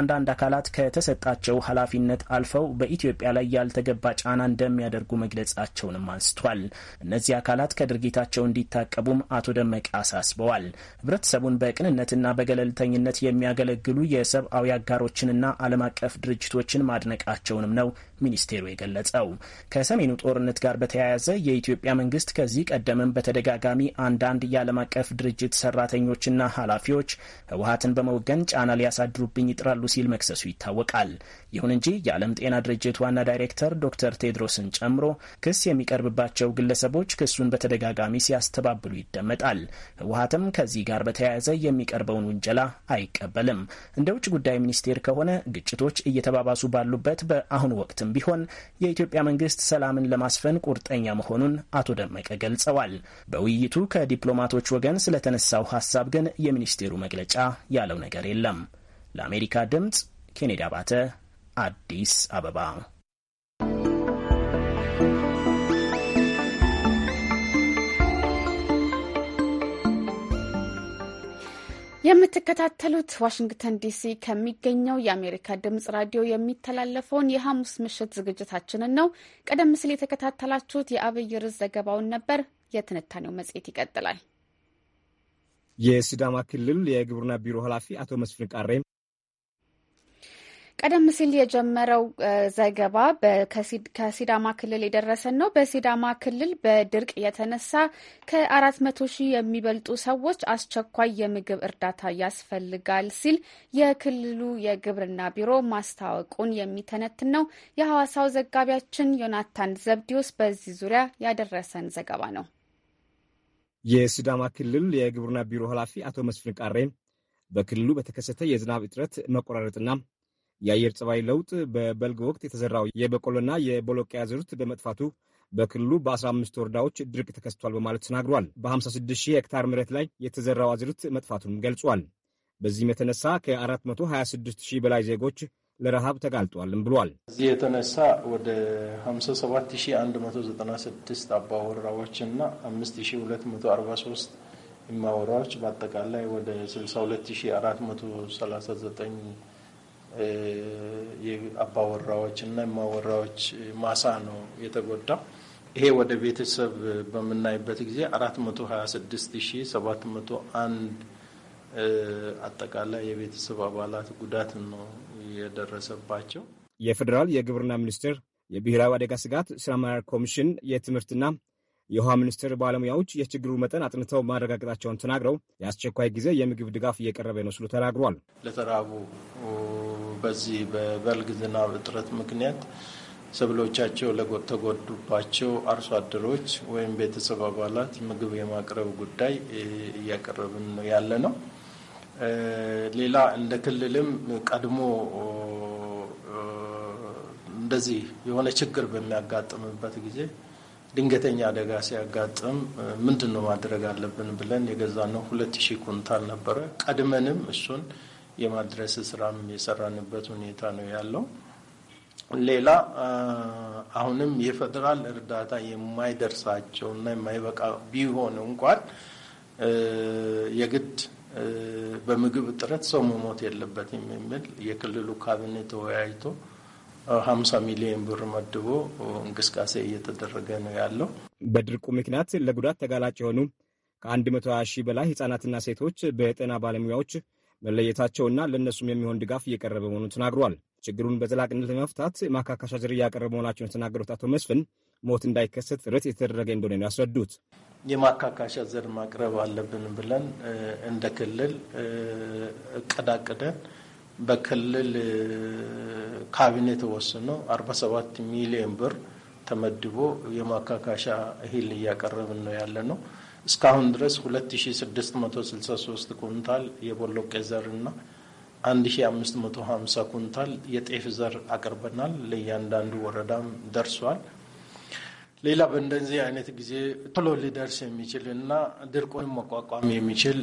አንዳንድ አካላት ከተሰጣቸው ኃላፊነት አልፈው በኢትዮጵያ ላይ ያልተገባ ጫና እንደሚያደርጉ መግለጻቸውንም አንስቷል። እነዚህ አካላት ከድርጊታቸው እንዲታቀቡም አቶ ደመቀ አሳስበዋል። ህብረተሰቡን በቅንነትና በገለልተኝነት የሚያገለግሉ የሰብአዊ አጋሮችንና ዓለም አቀፍ ድርጅቶችን ማድነቃቸውንም ነው ሚኒስቴሩ የገለጸው። ከሰሜኑ ጦርነት ጋር በተያያዘ የኢትዮጵያ መንግስት ከዚህ ቀደምም በተደጋጋሚ አንዳንድ የዓለም አቀፍ ድርጅት ሰራተኞችና ኃላፊዎች ህወሀትን በመወገን ጫና ሊያሳድሩብኝ ይጥራሉ ሲል መክሰሱ ይታወቃል። ይሁን እንጂ የዓለም ጤና ድርጅት ዋና ዳይሬክተር ዶክተር ቴድሮስን ጨምሮ ክስ የሚቀርብባቸው ግለሰቦች ክሱን በተደጋጋሚ ሲያስተባብሉ ይደመጣል። ህወሀትም ከዚህ ጋር በተያያዘ የሚቀርበውን ውንጀላ አይቀበልም። እንደ ውጭ ጉዳይ ሚኒስቴር ከሆነ ግጭቶች እየተባባሱ ባሉበት በአሁኑ ወቅትም ያለም ቢሆን የኢትዮጵያ መንግስት ሰላምን ለማስፈን ቁርጠኛ መሆኑን አቶ ደመቀ ገልጸዋል። በውይይቱ ከዲፕሎማቶች ወገን ስለተነሳው ሀሳብ ግን የሚኒስቴሩ መግለጫ ያለው ነገር የለም። ለአሜሪካ ድምፅ ኬኔዲ አባተ አዲስ አበባ የምትከታተሉት ዋሽንግተን ዲሲ ከሚገኘው የአሜሪካ ድምጽ ራዲዮ የሚተላለፈውን የሐሙስ ምሽት ዝግጅታችንን ነው። ቀደም ሲል የተከታተላችሁት የአብይ ርዕስ ዘገባውን ነበር። የትንታኔው መጽሔት ይቀጥላል። የሲዳማ ክልል የግብርና ቢሮ ኃላፊ አቶ መስፍን ቃሬም ቀደም ሲል የጀመረው ዘገባ ከሲዳማ ክልል የደረሰን ነው። በሲዳማ ክልል በድርቅ የተነሳ ከአራት መቶ ሺህ የሚበልጡ ሰዎች አስቸኳይ የምግብ እርዳታ ያስፈልጋል ሲል የክልሉ የግብርና ቢሮ ማስታወቁን የሚተነትን ነው። የሐዋሳው ዘጋቢያችን ዮናታን ዘብዲዮስ በዚህ ዙሪያ ያደረሰን ዘገባ ነው። የሲዳማ ክልል የግብርና ቢሮ ኃላፊ አቶ መስፍን ቃሬ በክልሉ በተከሰተ የዝናብ እጥረት መቆራረጥና የአየር ጸባይ ለውጥ በበልግ ወቅት የተዘራው የበቆሎና የቦሎቄ አዝርዕት በመጥፋቱ በክልሉ በ15 ወረዳዎች ድርቅ ተከስቷል በማለት ተናግሯል። በ56 ሺህ ሄክታር መሬት ላይ የተዘራው አዝርት መጥፋቱን ገልጿል። በዚህም የተነሳ ከ426 ሺህ በላይ ዜጎች ለረሃብ ተጋልጧልም ብሏል። እዚህ የተነሳ ወደ 57196 አባወራዎች ወረራዎች እና 5243 ይማወራዎች በአጠቃላይ ወደ 62439 የአባወራዎች እና የማወራዎች ማሳ ነው የተጎዳው። ይሄ ወደ ቤተሰብ በምናይበት ጊዜ 426701 አጠቃላይ የቤተሰብ አባላት ጉዳት ነው የደረሰባቸው። የፌዴራል የግብርና ሚኒስቴር የብሔራዊ አደጋ ስጋት ስራ አመራር ኮሚሽን የትምህርትና የውሃ ሚኒስቴር ባለሙያዎች የችግሩ መጠን አጥንተው ማረጋገጣቸውን ተናግረው የአስቸኳይ ጊዜ የምግብ ድጋፍ እየቀረበ ነው ሲሉ ተናግሯል። ለተራቡ በዚህ በበልግ ዝናብ እጥረት ምክንያት ሰብሎቻቸው ለተጎዱባቸው አርሶ አደሮች ወይም ቤተሰብ አባላት ምግብ የማቅረብ ጉዳይ እያቀረብን ያለ ነው። ሌላ እንደ ክልልም ቀድሞ እንደዚህ የሆነ ችግር በሚያጋጥምበት ጊዜ ድንገተኛ አደጋ ሲያጋጥም ምንድን ነው ማድረግ አለብን ብለን የገዛነው ሁለት ሺህ ኩንታል ነበረ። ቀድመንም እሱን የማድረስ ስራም የሰራንበት ሁኔታ ነው ያለው። ሌላ አሁንም የፌዴራል እርዳታ የማይደርሳቸው እና የማይበቃ ቢሆን እንኳን የግድ በምግብ እጥረት ሰው መሞት የለበትም የሚል የክልሉ ካቢኔ ተወያይቶ ሀምሳ ሚሊዮን ብር መድቦ እንቅስቃሴ እየተደረገ ነው ያለው። በድርቁ ምክንያት ለጉዳት ተጋላጭ የሆኑ መቶ ሀያ ሺህ በላይ ህጻናትና ሴቶች በጤና ባለሙያዎች መለየታቸውና ለእነሱም የሚሆን ድጋፍ እየቀረበ መሆኑን ተናግሯል። ችግሩን በዘላቅነት ለመፍታት ማካካሻ ዝርያ እያቀረበ መሆናቸውን የተናገሩት አቶ መስፍን ሞት እንዳይከሰት ጥረት የተደረገ እንደሆነ ነው ያስረዱት። የማካካሻ ዘር ማቅረብ አለብን ብለን እንደ ክልል ቀዳቅደን። በክልል ካቢኔ ተወስኖ 47 ሚሊዮን ብር ተመድቦ የማካካሻ እህል እያቀረብን ነው ያለ ነው። እስካሁን ድረስ 2663 ኩንታል የቦሎቄ ዘርና 1550 ኩንታል የጤፍ ዘር አቅርበናል። ለእያንዳንዱ ወረዳም ደርሷል። ሌላ በእንደዚህ አይነት ጊዜ ቶሎ ሊደርስ የሚችል እና ድርቁን መቋቋም የሚችል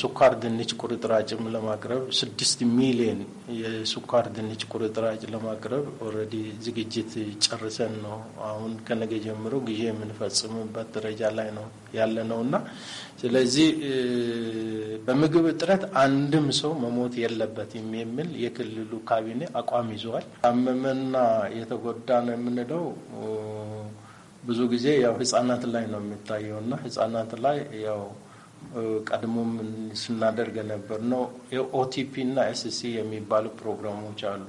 ሱካር ድንች ቁርጥራጭም ለማቅረብ ስድስት ሚሊዮን የሱካር ድንች ቁርጥራጭ ለማቅረብ ኦልሬዲ ዝግጅት ጨርሰን ነው አሁን ከነገ ጀምሮ ጊዜ የምንፈጽምበት ደረጃ ላይ ነው ያለ ነው እና ስለዚህ በምግብ እጥረት አንድም ሰው መሞት የለበትም የሚል የክልሉ ካቢኔ አቋም ይዘዋል። ታመመና የተጎዳ ነው የምንለው ብዙ ጊዜ ያው ህጻናት ላይ ነው የሚታየውና ህጻናት ላይ ያው ቀድሞም ስናደርግ ነበር ነው የኦቲፒ እና ኤስሲ የሚባሉ ፕሮግራሞች አሉ።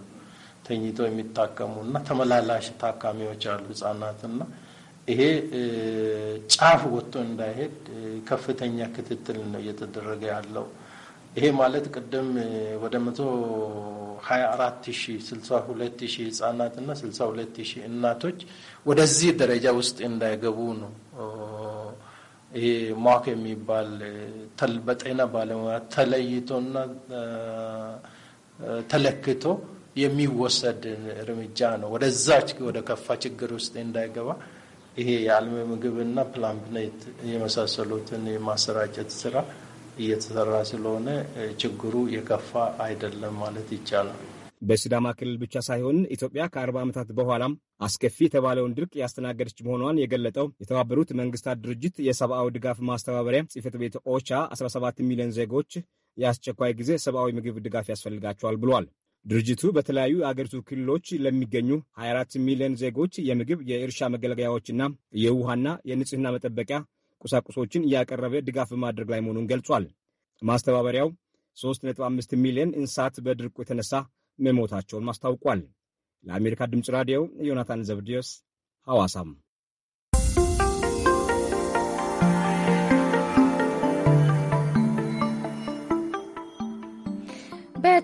ተኝቶ የሚታከሙ እና ተመላላሽ ታካሚዎች አሉ ህጻናትና ይሄ ጫፍ ወጥቶ እንዳይሄድ ከፍተኛ ክትትል ነው እየተደረገ ያለው። ይሄ ማለት ቅድም ወደ መቶ 24062 ሺህ ህጻናትና 62 እናቶች ወደዚህ ደረጃ ውስጥ እንዳይገቡ ነው። ይሄ ማክ የሚባል በጤና ባለሙያ ተለይቶና ተለክቶ የሚወሰድ እርምጃ ነው። ወደዛ ወደ ከፋ ችግር ውስጥ እንዳይገባ ይሄ የአልሚ ምግብና ፕላምፕኔት የመሳሰሉትን የማሰራጨት ስራ እየተሰራ ስለሆነ ችግሩ የከፋ አይደለም ማለት ይቻላል። በሲዳማ ክልል ብቻ ሳይሆን ኢትዮጵያ ከአርባ ዓመታት በኋላም አስከፊ የተባለውን ድርቅ ያስተናገደች መሆኗን የገለጠው የተባበሩት መንግስታት ድርጅት የሰብአዊ ድጋፍ ማስተባበሪያ ጽሕፈት ቤት ኦቻ 17 ሚሊዮን ዜጎች የአስቸኳይ ጊዜ ሰብአዊ ምግብ ድጋፍ ያስፈልጋቸዋል ብሏል። ድርጅቱ በተለያዩ የአገሪቱ ክልሎች ለሚገኙ 24 ሚሊዮን ዜጎች የምግብ የእርሻ መገልገያዎችና የውሃና የንጽህና መጠበቂያ ቁሳቁሶችን እያቀረበ ድጋፍ በማድረግ ላይ መሆኑን ገልጿል። ማስተባበሪያው 3.5 ሚሊዮን እንስሳት በድርቁ የተነሳ መሞታቸውን ማስታውቋል። ለአሜሪካ ድምፅ ራዲዮ ዮናታን ዘብዲዮስ ሐዋሳም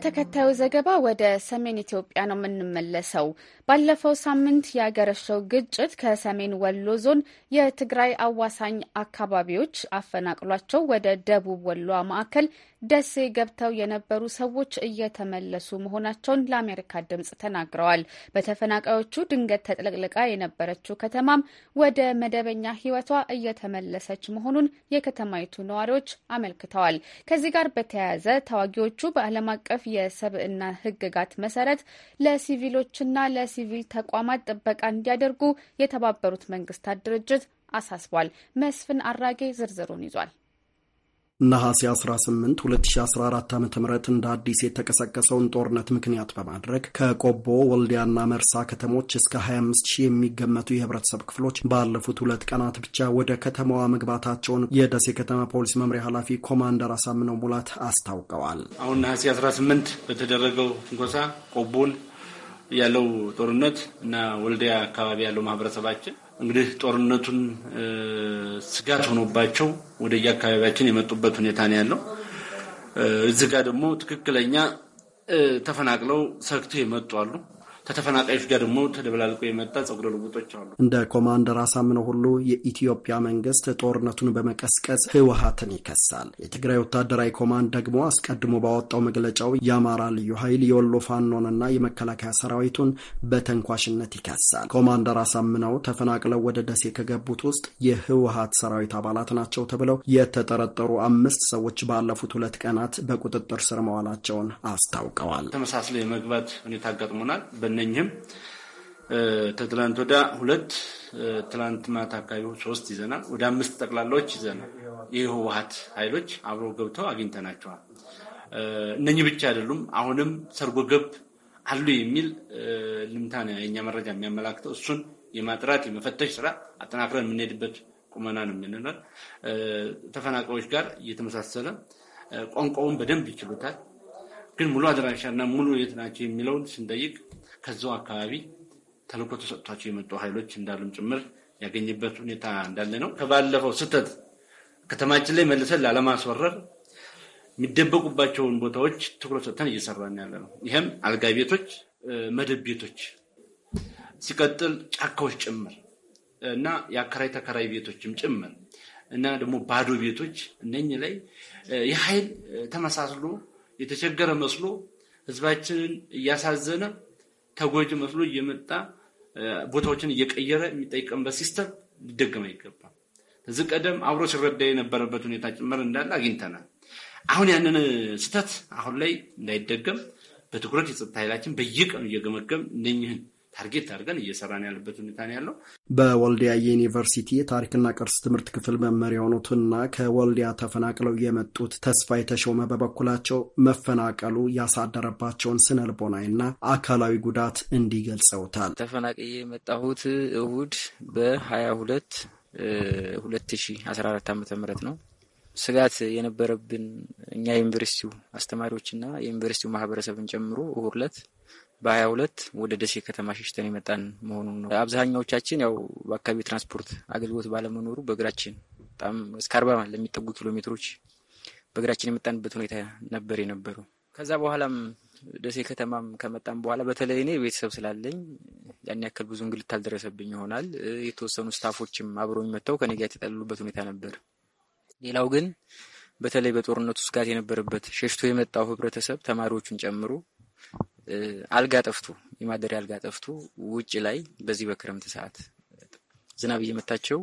በተከታዩ ዘገባ ወደ ሰሜን ኢትዮጵያ ነው የምንመለሰው። ባለፈው ሳምንት ያገረሸው ግጭት ከሰሜን ወሎ ዞን የትግራይ አዋሳኝ አካባቢዎች አፈናቅሏቸው ወደ ደቡብ ወሎ ማዕከል ደሴ ገብተው የነበሩ ሰዎች እየተመለሱ መሆናቸውን ለአሜሪካ ድምጽ ተናግረዋል። በተፈናቃዮቹ ድንገት ተጥለቅልቃ የነበረችው ከተማም ወደ መደበኛ ሕይወቷ እየተመለሰች መሆኑን የከተማይቱ ነዋሪዎች አመልክተዋል። ከዚህ ጋር በተያያዘ ተዋጊዎቹ በዓለም አቀፍ የሰብዕና ህግጋት መሰረት ለሲቪሎችና ለሲቪል ተቋማት ጥበቃ እንዲያደርጉ የተባበሩት መንግስታት ድርጅት አሳስቧል። መስፍን አራጌ ዝርዝሩን ይዟል። ነሐሴ 18 2014 ዓ ም እንደ አዲስ የተቀሰቀሰውን ጦርነት ምክንያት በማድረግ ከቆቦ ወልዲያና መርሳ ከተሞች እስከ 25 ሺህ የሚገመቱ የህብረተሰብ ክፍሎች ባለፉት ሁለት ቀናት ብቻ ወደ ከተማዋ መግባታቸውን የደሴ ከተማ ፖሊስ መምሪያ ኃላፊ ኮማንደር አሳምነው ሙላት አስታውቀዋል። አሁን ነሐሴ 18 በተደረገው ትንኮሳ ቆቦን ያለው ጦርነት እና ወልዲያ አካባቢ ያለው ማህበረሰባችን እንግዲህ ጦርነቱን ስጋት ሆኖባቸው ወደ የአካባቢያችን የመጡበት ሁኔታ ነው ያለው። እዚህ ጋር ደግሞ ትክክለኛ ተፈናቅለው ሰግተው የመጡ አሉ። ከተፈናቃዮች ጋር ደግሞ ተደበላልቆ የመጣ ጸጉረ ልውጦች አሉ። እንደ ኮማንደር አሳምነው ሁሉ የኢትዮጵያ መንግስት ጦርነቱን በመቀስቀስ ህወሀትን ይከሳል። የትግራይ ወታደራዊ ኮማንድ ደግሞ አስቀድሞ ባወጣው መግለጫው የአማራ ልዩ ኃይል የወሎ ፋኖንና የመከላከያ ሰራዊቱን በተንኳሽነት ይከሳል። ኮማንደር አሳምነው ተፈናቅለው ወደ ደሴ ከገቡት ውስጥ የህወሀት ሰራዊት አባላት ናቸው ተብለው የተጠረጠሩ አምስት ሰዎች ባለፉት ሁለት ቀናት በቁጥጥር ስር መዋላቸውን አስታውቀዋል። ተመሳስለ የመግባት ሁኔታ አጋጥሞናል። ከነኝህም ከትላንት ወዳ ሁለት ትላንት ማታ አካባቢ ሶስት ይዘናል። ወደ አምስት ጠቅላላዎች ይዘናል። የህወሀት ኃይሎች አብረው ገብተው አግኝተናቸዋል። እነኚህ ብቻ አይደሉም። አሁንም ሰርጎ ገብ አሉ የሚል ልምታ የእኛ መረጃ የሚያመላክተው እሱን የማጥራት የመፈተሽ ስራ አጠናክረን የምንሄድበት ቁመና ነው የምንለው። ተፈናቃዮች ጋር እየተመሳሰለ ቋንቋውን በደንብ ይችሉታል። ግን ሙሉ አድራሻ እና ሙሉ የት ናቸው የሚለውን ስንጠይቅ ከዛው አካባቢ ተልዕኮ ተሰጥቷቸው የመጡ ኃይሎች እንዳሉም ጭምር ያገኝበት ሁኔታ እንዳለ ነው። ከባለፈው ስህተት ከተማችን ላይ መልሰን ላለማስወረር የሚደበቁባቸውን ቦታዎች ትኩረት ሰጥተን እየሰራን ያለ ነው። ይህም አልጋ ቤቶች፣ መደብ ቤቶች፣ ሲቀጥል ጫካዎች ጭምር እና የአከራይ ተከራይ ቤቶችም ጭምር እና ደግሞ ባዶ ቤቶች እነኝ ላይ የኃይል ተመሳስሎ የተቸገረ መስሎ ህዝባችንን እያሳዘነ ተጎጂ መስሎ እየመጣ ቦታዎችን እየቀየረ የሚጠይቀምበት ሲስተም ሊደገም አይገባም። ከዚህ ቀደም አብሮ ሲረዳ የነበረበት ሁኔታ ጭምር እንዳለ አግኝተናል። አሁን ያንን ስህተት አሁን ላይ እንዳይደገም በትኩረት የጸጥታ ኃይላችን በየቀኑ እየገመገም እነኝህን ታርጌት አድርገን እየሰራን ያለበት ሁኔታ ነው ያለው። በወልዲያ ዩኒቨርሲቲ የታሪክና ቅርስ ትምህርት ክፍል መምህር የሆኑትና ከወልዲያ ተፈናቅለው የመጡት ተስፋ የተሾመ በበኩላቸው መፈናቀሉ ያሳደረባቸውን ስነ ልቦናዊና አካላዊ ጉዳት እንዲህ ገልጸውታል። ተፈናቅዬ የመጣሁት እሁድ በሀያ ሁለት ሁለት ሺ አስራ አራት ዓመተ ምህረት ነው። ስጋት የነበረብን እኛ የዩኒቨርሲቲው አስተማሪዎችና የዩኒቨርሲቲው ማህበረሰብን ጨምሮ እሁድ ዕለት በሀያ ሁለት ወደ ደሴ ከተማ ሸሽተን የመጣን መሆኑን ነው። አብዛኛዎቻችን ያው በአካባቢው ትራንስፖርት አገልግሎት ባለመኖሩ በእግራችን በጣም እስከ አርባ ለሚጠጉ ኪሎ ሜትሮች በእግራችን የመጣንበት ሁኔታ ነበር የነበረው። ከዛ በኋላም ደሴ ከተማም ከመጣም በኋላ በተለይ እኔ ቤተሰብ ስላለኝ ያን ያክል ብዙ እንግልት አልደረሰብኝ ይሆናል። የተወሰኑ ስታፎችም አብሮ መጥተው ከኔ ጋር የተጠለሉበት ሁኔታ ነበር። ሌላው ግን በተለይ በጦርነቱ ስጋት የነበረበት ሸሽቶ የመጣው ህብረተሰብ ተማሪዎቹን ጨምሮ አልጋ ጠፍቶ የማደሪያ አልጋ ጠፍቶ ውጭ ላይ በዚህ በክረምት ሰዓት ዝናብ እየመታቸው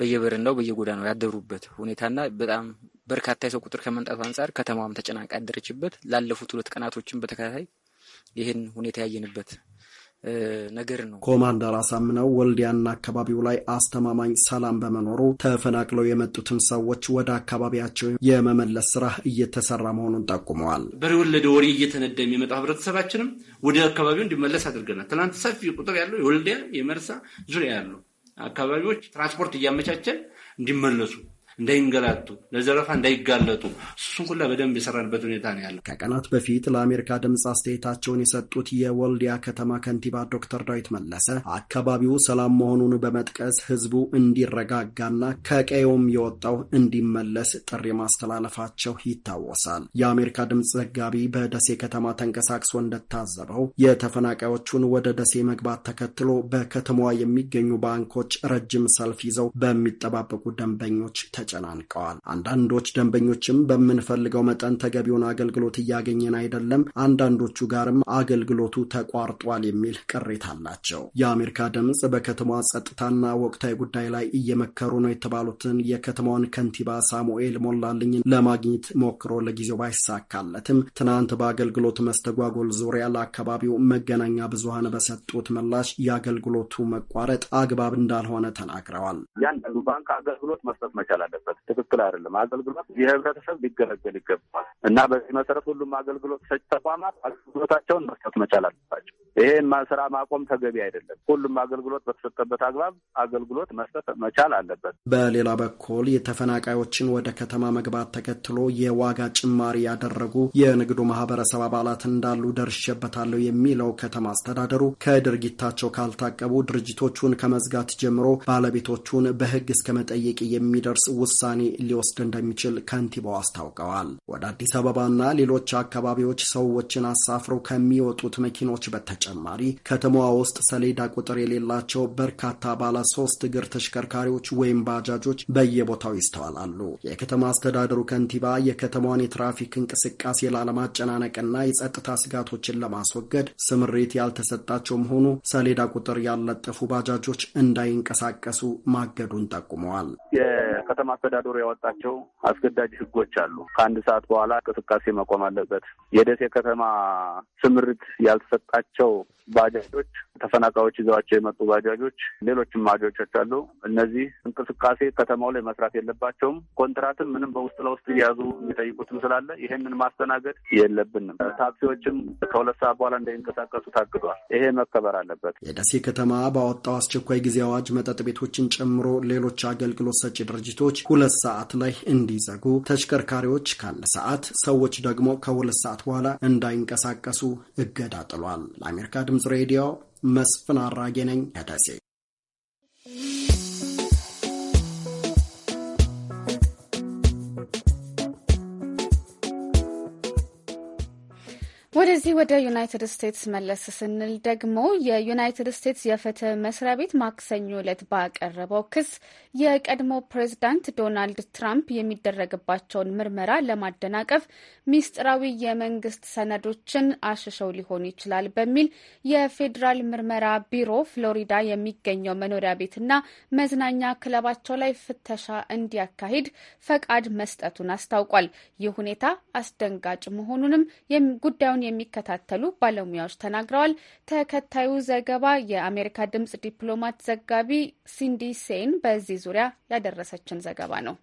በየበረንዳው በየጎዳናው ያደሩበት ሁኔታና በጣም በርካታ የሰው ቁጥር ከመምጣቱ አንጻር ከተማዋም ተጨናንቃ ያደረችበት ላለፉት ሁለት ቀናቶችን በተከታታይ ይህን ሁኔታ ያየንበት ነገር ነው። ኮማንደር አሳምነው ወልዲያና አካባቢው ላይ አስተማማኝ ሰላም በመኖሩ ተፈናቅለው የመጡትን ሰዎች ወደ አካባቢያቸው የመመለስ ስራ እየተሰራ መሆኑን ጠቁመዋል። ወለደ ወሬ እየተነዳ የሚመጣው ህብረተሰባችንም ወደ አካባቢው እንዲመለስ አድርገናል። ትናንት ሰፊ ቁጥር ያለው የወልዲያ የመርሳ ዙሪያ ያሉ አካባቢዎች ትራንስፖርት እያመቻቸን እንዲመለሱ እንዳይንገላቱ፣ ለዘረፋ እንዳይጋለጡ እሱን ሁላ በደንብ የሰራንበት ሁኔታ ነው ያለው። ከቀናት በፊት ለአሜሪካ ድምፅ አስተያየታቸውን የሰጡት የወልዲያ ከተማ ከንቲባ ዶክተር ዳዊት መለሰ አካባቢው ሰላም መሆኑን በመጥቀስ ህዝቡ እንዲረጋጋና ከቀየውም የወጣው እንዲመለስ ጥሪ ማስተላለፋቸው ይታወሳል። የአሜሪካ ድምፅ ዘጋቢ በደሴ ከተማ ተንቀሳቅሶ እንደታዘበው የተፈናቃዮቹን ወደ ደሴ መግባት ተከትሎ በከተማዋ የሚገኙ ባንኮች ረጅም ሰልፍ ይዘው በሚጠባበቁ ደንበኞች ተ ተጨናንቀዋል። አንዳንዶች ደንበኞችም በምንፈልገው መጠን ተገቢውን አገልግሎት እያገኘን አይደለም፣ አንዳንዶቹ ጋርም አገልግሎቱ ተቋርጧል የሚል ቅሬታ አላቸው። የአሜሪካ ድምፅ በከተማዋ ጸጥታና ወቅታዊ ጉዳይ ላይ እየመከሩ ነው የተባሉትን የከተማዋን ከንቲባ ሳሙኤል ሞላልኝን ለማግኘት ሞክሮ ለጊዜው ባይሳካለትም ትናንት በአገልግሎት መስተጓጎል ዙሪያ ለአካባቢው መገናኛ ብዙሃን በሰጡት ምላሽ የአገልግሎቱ መቋረጥ አግባብ እንዳልሆነ ተናግረዋል። እያንዳንዱ ባንክ አገልግሎት መስጠት መቻል አለበት፣ ትክክል አይደለም። አገልግሎት የህብረተሰብ ሊገለገል ይገባል እና በዚህ መሰረት ሁሉም አገልግሎት ሰጭ ተቋማት አገልግሎታቸውን መስጠት መቻላል ይሄን ስራ ማቆም ተገቢ አይደለም። ሁሉም አገልግሎት በተሰጠበት አግባብ አገልግሎት መስጠት መቻል አለበት። በሌላ በኩል የተፈናቃዮችን ወደ ከተማ መግባት ተከትሎ የዋጋ ጭማሪ ያደረጉ የንግዱ ማህበረሰብ አባላት እንዳሉ ደርሼበታለሁ የሚለው ከተማ አስተዳደሩ ከድርጊታቸው ካልታቀቡ ድርጅቶቹን ከመዝጋት ጀምሮ ባለቤቶቹን በሕግ እስከ መጠየቅ የሚደርስ ውሳኔ ሊወስድ እንደሚችል ከንቲባው አስታውቀዋል። ወደ አዲስ አበባና ሌሎች አካባቢዎች ሰዎችን አሳፍረው ከሚወጡት መኪኖች በተጨ በተጨማሪ ከተማዋ ውስጥ ሰሌዳ ቁጥር የሌላቸው በርካታ ባለ ሶስት እግር ተሽከርካሪዎች ወይም ባጃጆች በየቦታው ይስተዋላሉ። የከተማ አስተዳደሩ ከንቲባ የከተማዋን የትራፊክ እንቅስቃሴ ላለማጨናነቅና የጸጥታ ስጋቶችን ለማስወገድ ስምሪት ያልተሰጣቸው መሆኑ ሰሌዳ ቁጥር ያልለጠፉ ባጃጆች እንዳይንቀሳቀሱ ማገዱን ጠቁመዋል። የከተማ አስተዳደሩ ያወጣቸው አስገዳጅ ሕጎች አሉ። ከአንድ ሰዓት በኋላ እንቅስቃሴ መቆም አለበት። የደሴ ከተማ ስምሪት ያልተሰጣቸው people ባጃጆች፣ ተፈናቃዮች ይዘዋቸው የመጡ ባጃጆች፣ ሌሎችም ማጆቾች አሉ። እነዚህ እንቅስቃሴ ከተማው ላይ መስራት የለባቸውም። ኮንትራትም ምንም በውስጥ ለውስጥ እየያዙ የሚጠይቁትም ስላለ ይሄንን ማስተናገድ የለብንም። ታክሲዎችም ከሁለት ሰዓት በኋላ እንዳይንቀሳቀሱ ታግዷል። ይሄ መከበር አለበት። የደሴ ከተማ ባወጣው አስቸኳይ ጊዜ አዋጅ መጠጥ ቤቶችን ጨምሮ ሌሎች አገልግሎት ሰጪ ድርጅቶች ሁለት ሰዓት ላይ እንዲዘጉ፣ ተሽከርካሪዎች ከአንድ ሰዓት፣ ሰዎች ደግሞ ከሁለት ሰዓት በኋላ እንዳይንቀሳቀሱ እገዳ ጥሏል። ለአሜሪካ ድምጽ ድምፅ ሬዲዮ መስፍን አራጌ ነኝ ከደሴ። ወደዚህ ወደ ዩናይትድ ስቴትስ መለስ ስንል ደግሞ የዩናይትድ ስቴትስ የፍትህ መስሪያ ቤት ማክሰኞ ዕለት ባቀረበው ክስ የቀድሞ ፕሬዝዳንት ዶናልድ ትራምፕ የሚደረግባቸውን ምርመራ ለማደናቀፍ ሚስጥራዊ የመንግስት ሰነዶችን አሽሸው ሊሆን ይችላል በሚል የፌዴራል ምርመራ ቢሮ ፍሎሪዳ የሚገኘው መኖሪያ ቤትና መዝናኛ ክለባቸው ላይ ፍተሻ እንዲያካሂድ ፈቃድ መስጠቱን አስታውቋል። ይህ ሁኔታ አስደንጋጭ መሆኑንም ጉዳዩን ጉዳዩን የሚከታተሉ ባለሙያዎች ተናግረዋል። ተከታዩ ዘገባ የአሜሪካ ድምጽ ዲፕሎማት ዘጋቢ ሲንዲ ሴን በዚህ ዙሪያ ያደረሰችን ዘገባ ነው።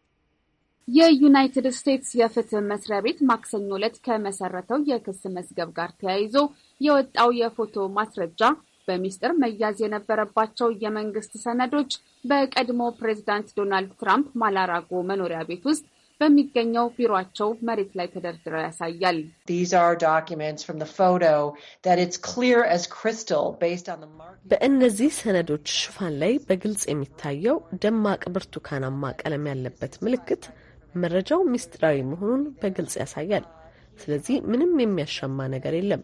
የዩናይትድ ስቴትስ የፍትህ መስሪያ ቤት ማክሰኞ ዕለት ከመሰረተው የክስ መዝገብ ጋር ተያይዞ የወጣው የፎቶ ማስረጃ በሚስጥር መያዝ የነበረባቸው የመንግስት ሰነዶች በቀድሞ ፕሬዚዳንት ዶናልድ ትራምፕ ማላራጎ መኖሪያ ቤት ውስጥ በሚገኘው ቢሮቸው መሬት ላይ ተደርድረው ያሳያል። በእነዚህ ሰነዶች ሽፋን ላይ በግልጽ የሚታየው ደማቅ ብርቱካናማ ቀለም ያለበት ምልክት መረጃው ምስጢራዊ መሆኑን በግልጽ ያሳያል። ስለዚህ ምንም የሚያሻማ ነገር የለም።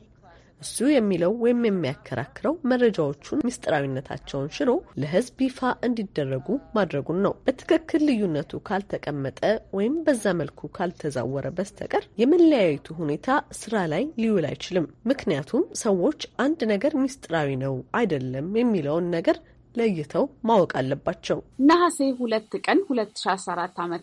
እሱ የሚለው ወይም የሚያከራክረው መረጃዎቹን ምስጢራዊነታቸውን ሽሮ ለሕዝብ ይፋ እንዲደረጉ ማድረጉን ነው። በትክክል ልዩነቱ ካልተቀመጠ ወይም በዛ መልኩ ካልተዛወረ በስተቀር የመለያየቱ ሁኔታ ስራ ላይ ሊውል አይችልም። ምክንያቱም ሰዎች አንድ ነገር ምስጢራዊ ነው አይደለም የሚለውን ነገር ለይተው ማወቅ አለባቸው። ነሐሴ ሁለት ቀን 2014 ዓ ም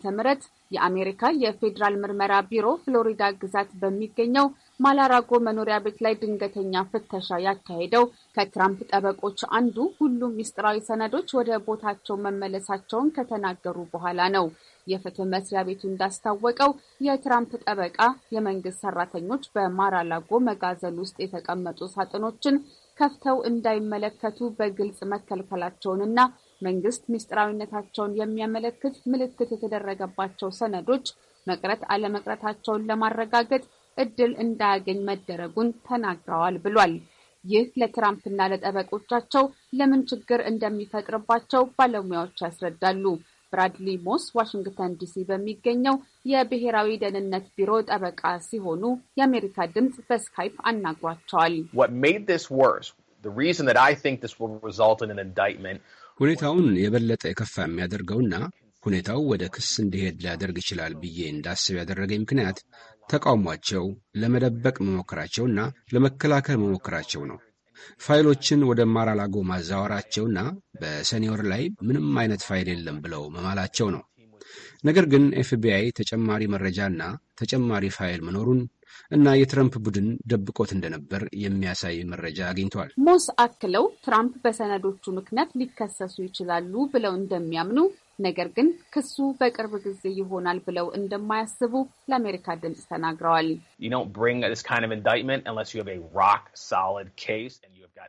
የአሜሪካ የፌዴራል ምርመራ ቢሮ ፍሎሪዳ ግዛት በሚገኘው ማላራጎ መኖሪያ ቤት ላይ ድንገተኛ ፍተሻ ያካሄደው ከትራምፕ ጠበቆች አንዱ ሁሉም ሚስጥራዊ ሰነዶች ወደ ቦታቸው መመለሳቸውን ከተናገሩ በኋላ ነው። የፍትህ መስሪያ ቤቱ እንዳስታወቀው የትራምፕ ጠበቃ የመንግስት ሰራተኞች በማራላጎ መጋዘን ውስጥ የተቀመጡ ሳጥኖችን ከፍተው እንዳይመለከቱ በግልጽ መከልከላቸውንና መንግስት ሚስጥራዊነታቸውን የሚያመለክት ምልክት የተደረገባቸው ሰነዶች መቅረት አለመቅረታቸውን ለማረጋገጥ እድል እንዳያገኝ መደረጉን ተናግረዋል ብሏል። ይህ ለትራምፕና ለጠበቆቻቸው ለምን ችግር እንደሚፈጥርባቸው ባለሙያዎች ያስረዳሉ። ብራድሊ ሞስ ዋሽንግተን ዲሲ በሚገኘው የብሔራዊ ደህንነት ቢሮ ጠበቃ ሲሆኑ የአሜሪካ ድምፅ በስካይፕ አናግሯቸዋል። ሁኔታውን የበለጠ የከፋ የሚያደርገውና ሁኔታው ወደ ክስ እንዲሄድ ሊያደርግ ይችላል ብዬ እንዳስብ ያደረገኝ ምክንያት ተቃውሟቸው ለመደበቅ መሞከራቸውና ለመከላከል መሞከራቸው ነው። ፋይሎችን ወደ ማራላጎ ማዛወራቸውና በሰኔ ወር ላይ ምንም አይነት ፋይል የለም ብለው መማላቸው ነው። ነገር ግን ኤፍቢአይ ተጨማሪ መረጃና ተጨማሪ ፋይል መኖሩን እና የትረምፕ ቡድን ደብቆት እንደነበር የሚያሳይ መረጃ አግኝቷል። ሞስ አክለው ትራምፕ በሰነዶቹ ምክንያት ሊከሰሱ ይችላሉ ብለው እንደሚያምኑ ነገር ግን ክሱ በቅርብ ጊዜ ይሆናል ብለው እንደማያስቡ ለአሜሪካ ድምፅ ተናግረዋል።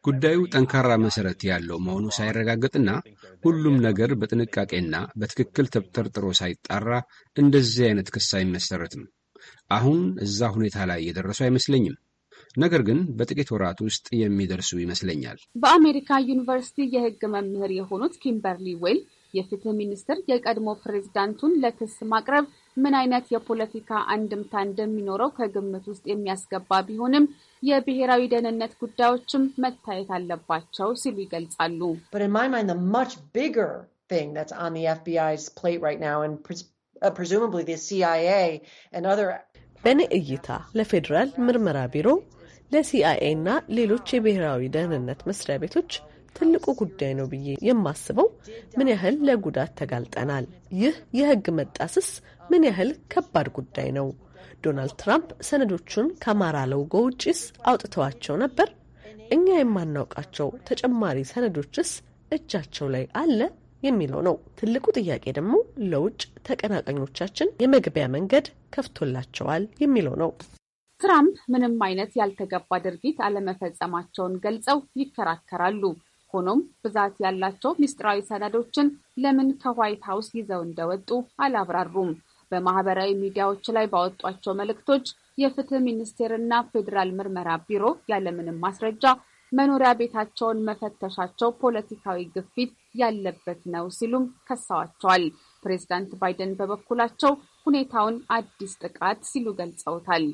ጉዳዩ ጠንካራ መሰረት ያለው መሆኑ ሳይረጋገጥና ሁሉም ነገር በጥንቃቄና በትክክል ተጠርጥሮ ሳይጣራ እንደዚህ አይነት ክስ አይመሰረትም። አሁን እዛ ሁኔታ ላይ የደረሱ አይመስለኝም። ነገር ግን በጥቂት ወራት ውስጥ የሚደርሱ ይመስለኛል። በአሜሪካ ዩኒቨርሲቲ የሕግ መምህር የሆኑት ኪምበርሊ ዌል የፍትህ ሚኒስትር የቀድሞ ፕሬዚዳንቱን ለክስ ማቅረብ ምን አይነት የፖለቲካ አንድምታ እንደሚኖረው ከግምት ውስጥ የሚያስገባ ቢሆንም የብሔራዊ ደህንነት ጉዳዮችም መታየት አለባቸው ሲሉ ይገልጻሉ። uh, በእኔ እይታ ለፌዴራል ምርመራ ቢሮ ለሲአይኤ እና ሌሎች የብሔራዊ ደህንነት መስሪያ ቤቶች ትልቁ ጉዳይ ነው ብዬ የማስበው ምን ያህል ለጉዳት ተጋልጠናል። ይህ የህግ መጣስስ ምን ያህል ከባድ ጉዳይ ነው። ዶናልድ ትራምፕ ሰነዶቹን ከማራ ለውጎ ውጪስ አውጥተዋቸው ነበር? እኛ የማናውቃቸው ተጨማሪ ሰነዶችስ እጃቸው ላይ አለ የሚለው ነው። ትልቁ ጥያቄ ደግሞ ለውጭ ተቀናቃኞቻችን የመግቢያ መንገድ ከፍቶላቸዋል የሚለው ነው። ትራምፕ ምንም አይነት ያልተገባ ድርጊት አለመፈጸማቸውን ገልጸው ይከራከራሉ። ሆኖም ብዛት ያላቸው ሚስጥራዊ ሰነዶችን ለምን ከዋይት ሀውስ ይዘው እንደወጡ አላብራሩም። በማህበራዊ ሚዲያዎች ላይ ባወጧቸው መልእክቶች የፍትህ ሚኒስቴርና ፌዴራል ምርመራ ቢሮ ያለምንም ማስረጃ መኖሪያ ቤታቸውን መፈተሻቸው ፖለቲካዊ ግፊት ያለበት ነው ሲሉም ከሰዋቸዋል። ፕሬዚዳንት ባይደን በበኩላቸው ሁኔታውን አዲስ ጥቃት ሲሉ ገልጸውታል።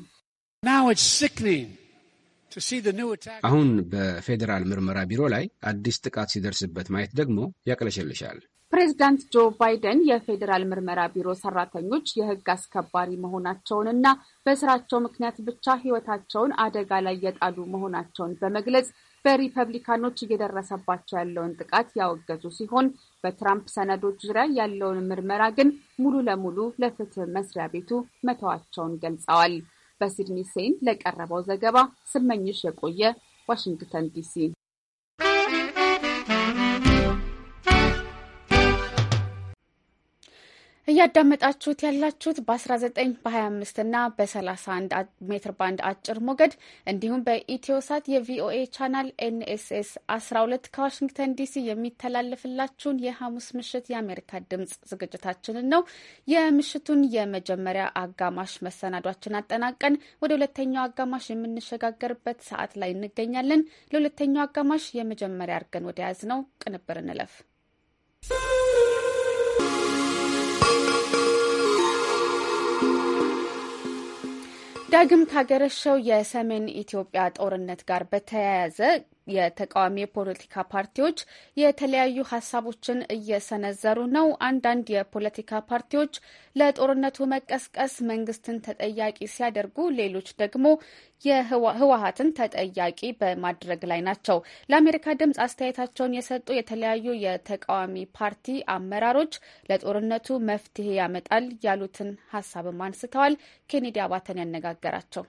አሁን በፌዴራል ምርመራ ቢሮ ላይ አዲስ ጥቃት ሲደርስበት ማየት ደግሞ ያቅለሸልሻል። ፕሬዚዳንት ጆ ባይደን የፌዴራል ምርመራ ቢሮ ሰራተኞች የሕግ አስከባሪ መሆናቸውንና በስራቸው ምክንያት ብቻ ሕይወታቸውን አደጋ ላይ የጣሉ መሆናቸውን በመግለጽ በሪፐብሊካኖች እየደረሰባቸው ያለውን ጥቃት ያወገዙ ሲሆን በትራምፕ ሰነዶች ዙሪያ ያለውን ምርመራ ግን ሙሉ ለሙሉ ለፍትህ መስሪያ ቤቱ መተዋቸውን ገልጸዋል። በሲድኒ ሴይን ለቀረበው ዘገባ ስመኝሽ የቆየ ዋሽንግተን ዲሲ እያዳመጣችሁት ያላችሁት በ19 በ25 እና በ31 ሜትር ባንድ አጭር ሞገድ እንዲሁም በኢትዮሳት የቪኦኤ ቻናል ኤንኤስኤስ 12 ከዋሽንግተን ዲሲ የሚተላለፍላችሁን የሐሙስ ምሽት የአሜሪካ ድምጽ ዝግጅታችንን ነው። የምሽቱን የመጀመሪያ አጋማሽ መሰናዷችን አጠናቀን ወደ ሁለተኛው አጋማሽ የምንሸጋገርበት ሰዓት ላይ እንገኛለን። ለሁለተኛው አጋማሽ የመጀመሪያ አድርገን ወደ ያዝ ነው ቅንብር እንለፍ። ዳግም ካገረሸው የሰሜን ኢትዮጵያ ጦርነት ጋር በተያያዘ የተቃዋሚ የፖለቲካ ፓርቲዎች የተለያዩ ሀሳቦችን እየሰነዘሩ ነው። አንዳንድ የፖለቲካ ፓርቲዎች ለጦርነቱ መቀስቀስ መንግስትን ተጠያቂ ሲያደርጉ፣ ሌሎች ደግሞ የህወሀትን ተጠያቂ በማድረግ ላይ ናቸው። ለአሜሪካ ድምፅ አስተያየታቸውን የሰጡ የተለያዩ የተቃዋሚ ፓርቲ አመራሮች ለጦርነቱ መፍትሄ ያመጣል ያሉትን ሀሳብም አንስተዋል። ኬኔዲ አባተን ያነጋገራቸው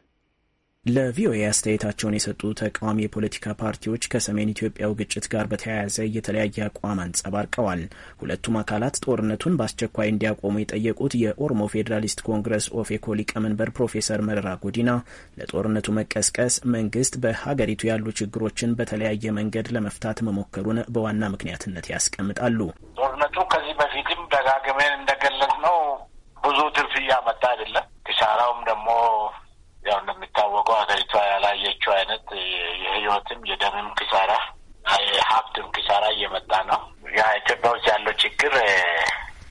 ለቪኦኤ አስተያየታቸውን የሰጡ ተቃዋሚ የፖለቲካ ፓርቲዎች ከሰሜን ኢትዮጵያው ግጭት ጋር በተያያዘ የተለያየ አቋም አንጸባርቀዋል። ሁለቱም አካላት ጦርነቱን በአስቸኳይ እንዲያቆሙ የጠየቁት የኦሮሞ ፌዴራሊስት ኮንግረስ ኦፌኮ ሊቀመንበር ፕሮፌሰር መረራ ጉዲና ለጦርነቱ መቀስቀስ መንግስት በሀገሪቱ ያሉ ችግሮችን በተለያየ መንገድ ለመፍታት መሞከሩን በዋና ምክንያትነት ያስቀምጣሉ። ጦርነቱ ከዚህ በፊትም ደጋግመን እንደገለጽ ነው ብዙ ትርፍ እያመጣ አይደለም። ኪሳራውም ደግሞ ያው እንደሚታወቀው ሀገሪቷ ያላየችው አይነት የህይወትም የደምም ክሳራ የሀብትም ክሳራ እየመጣ ነው። ያ ኢትዮጵያ ውስጥ ያለው ችግር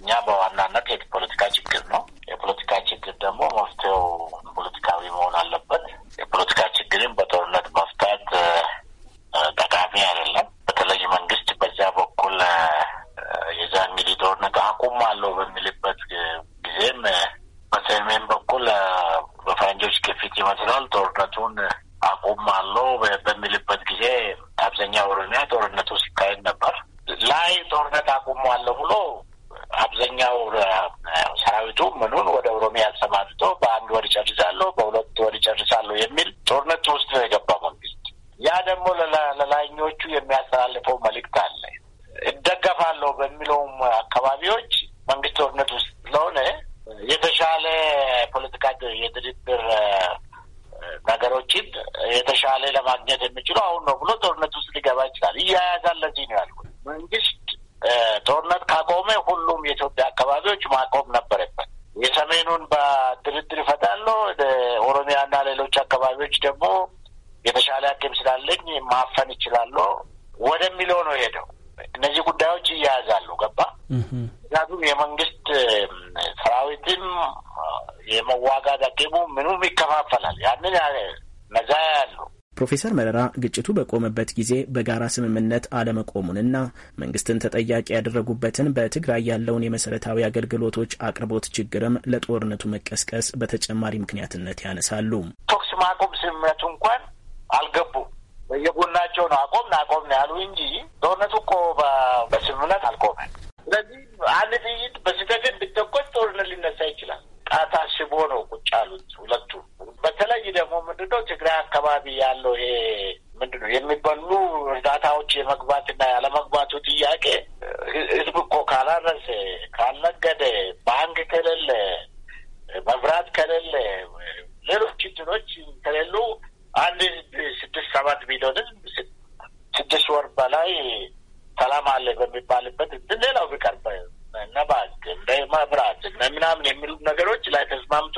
እኛ በዋናነት የፖለቲካ ችግር ነው። የፖለቲካ ችግር ደግሞ መፍትሄው ፖለቲካዊ መሆን አለበት። የፖለቲካ ችግርን በጦርነት መፍታት ጠቃሚ አይደለም። በተለይ መንግስት በዚያ በኩል የዛ እንግዲህ ጦርነት አቁም አለው በሚልበት ፕሮፌሰር መረራ ግጭቱ በቆመበት ጊዜ በጋራ ስምምነት አለመቆሙንና መንግስትን ተጠያቂ ያደረጉበትን በትግራይ ያለውን የመሰረታዊ አገልግሎቶች አቅርቦት ችግርም ለጦርነቱ መቀስቀስ በተጨማሪ ምክንያትነት ያነሳሉ። ተኩስ ማቆም ስምምነቱን የሚባልበት እንትን ሌላው ቢቀርብ እነ እንደ መብራት ምናምን የሚሉ ነገሮች ላይ ተስማምቶ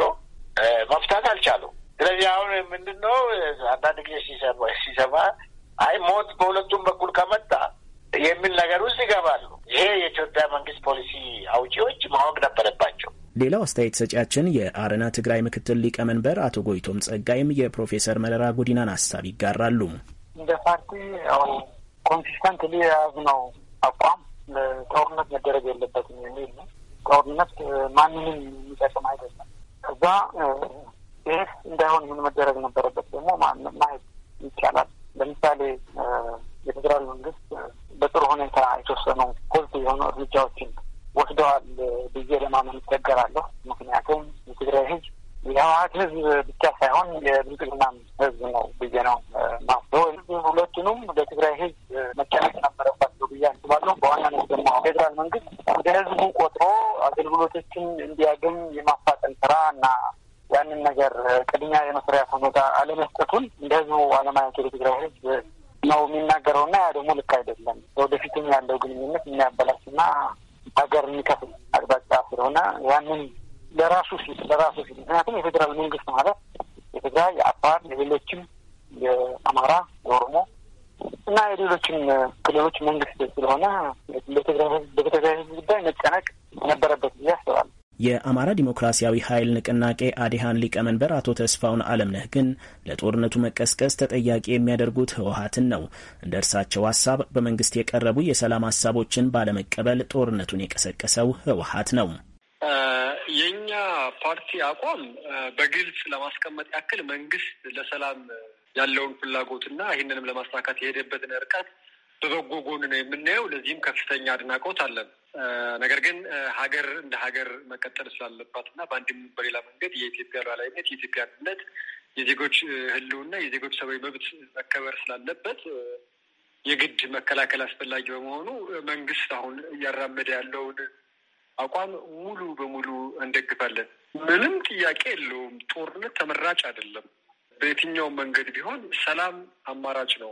መፍታት አልቻሉም። ስለዚህ አሁን ምንድን ነው አንዳንድ ጊዜ ሲሰማ አይ ሞት በሁለቱም በኩል ከመጣ የሚል ነገር ውስጥ ይገባሉ። ይሄ የኢትዮጵያ መንግስት ፖሊሲ አውጪዎች ማወቅ ነበረባቸው። ሌላው አስተያየት ሰጪያችን የአረና ትግራይ ምክትል ሊቀመንበር አቶ ጎይቶም ጸጋይም የፕሮፌሰር መረራ ጉዲናን ሀሳብ ይጋራሉ። እንደ ፓርቲ ያው ኮንሲስተንት ሊያዝ ነው መደረግ የለበትም የሚል ነው። ጦርነት ማንንም ዲሞክራሲያዊ ኃይል ንቅናቄ አዲሃን ሊቀመንበር አቶ ተስፋውን አለምነህ ግን ለጦርነቱ መቀስቀስ ተጠያቂ የሚያደርጉት ህወሀትን ነው። እንደ እርሳቸው ሀሳብ በመንግስት የቀረቡ የሰላም ሀሳቦችን ባለመቀበል ጦርነቱን የቀሰቀሰው ህወሀት ነው። የእኛ ፓርቲ አቋም በግልጽ ለማስቀመጥ ያክል መንግስት ለሰላም ያለውን ፍላጎትና ይህንንም ለማሳካት የሄደበትን ርቀት በበጎ ጎን ነው የምናየው። ለዚህም ከፍተኛ አድናቆት አለን። ነገር ግን ሀገር እንደ ሀገር መቀጠል ስላለባት እና በአንድም በሌላ መንገድ የኢትዮጵያ ሉዓላዊነት፣ የኢትዮጵያ አንድነት፣ የዜጎች ህልውና የዜጎች ሰብአዊ መብት መከበር ስላለበት የግድ መከላከል አስፈላጊ በመሆኑ መንግስት አሁን እያራመደ ያለውን አቋም ሙሉ በሙሉ እንደግፋለን። ምንም ጥያቄ የለውም። ጦርነት ተመራጭ አይደለም። በየትኛውም መንገድ ቢሆን ሰላም አማራጭ ነው።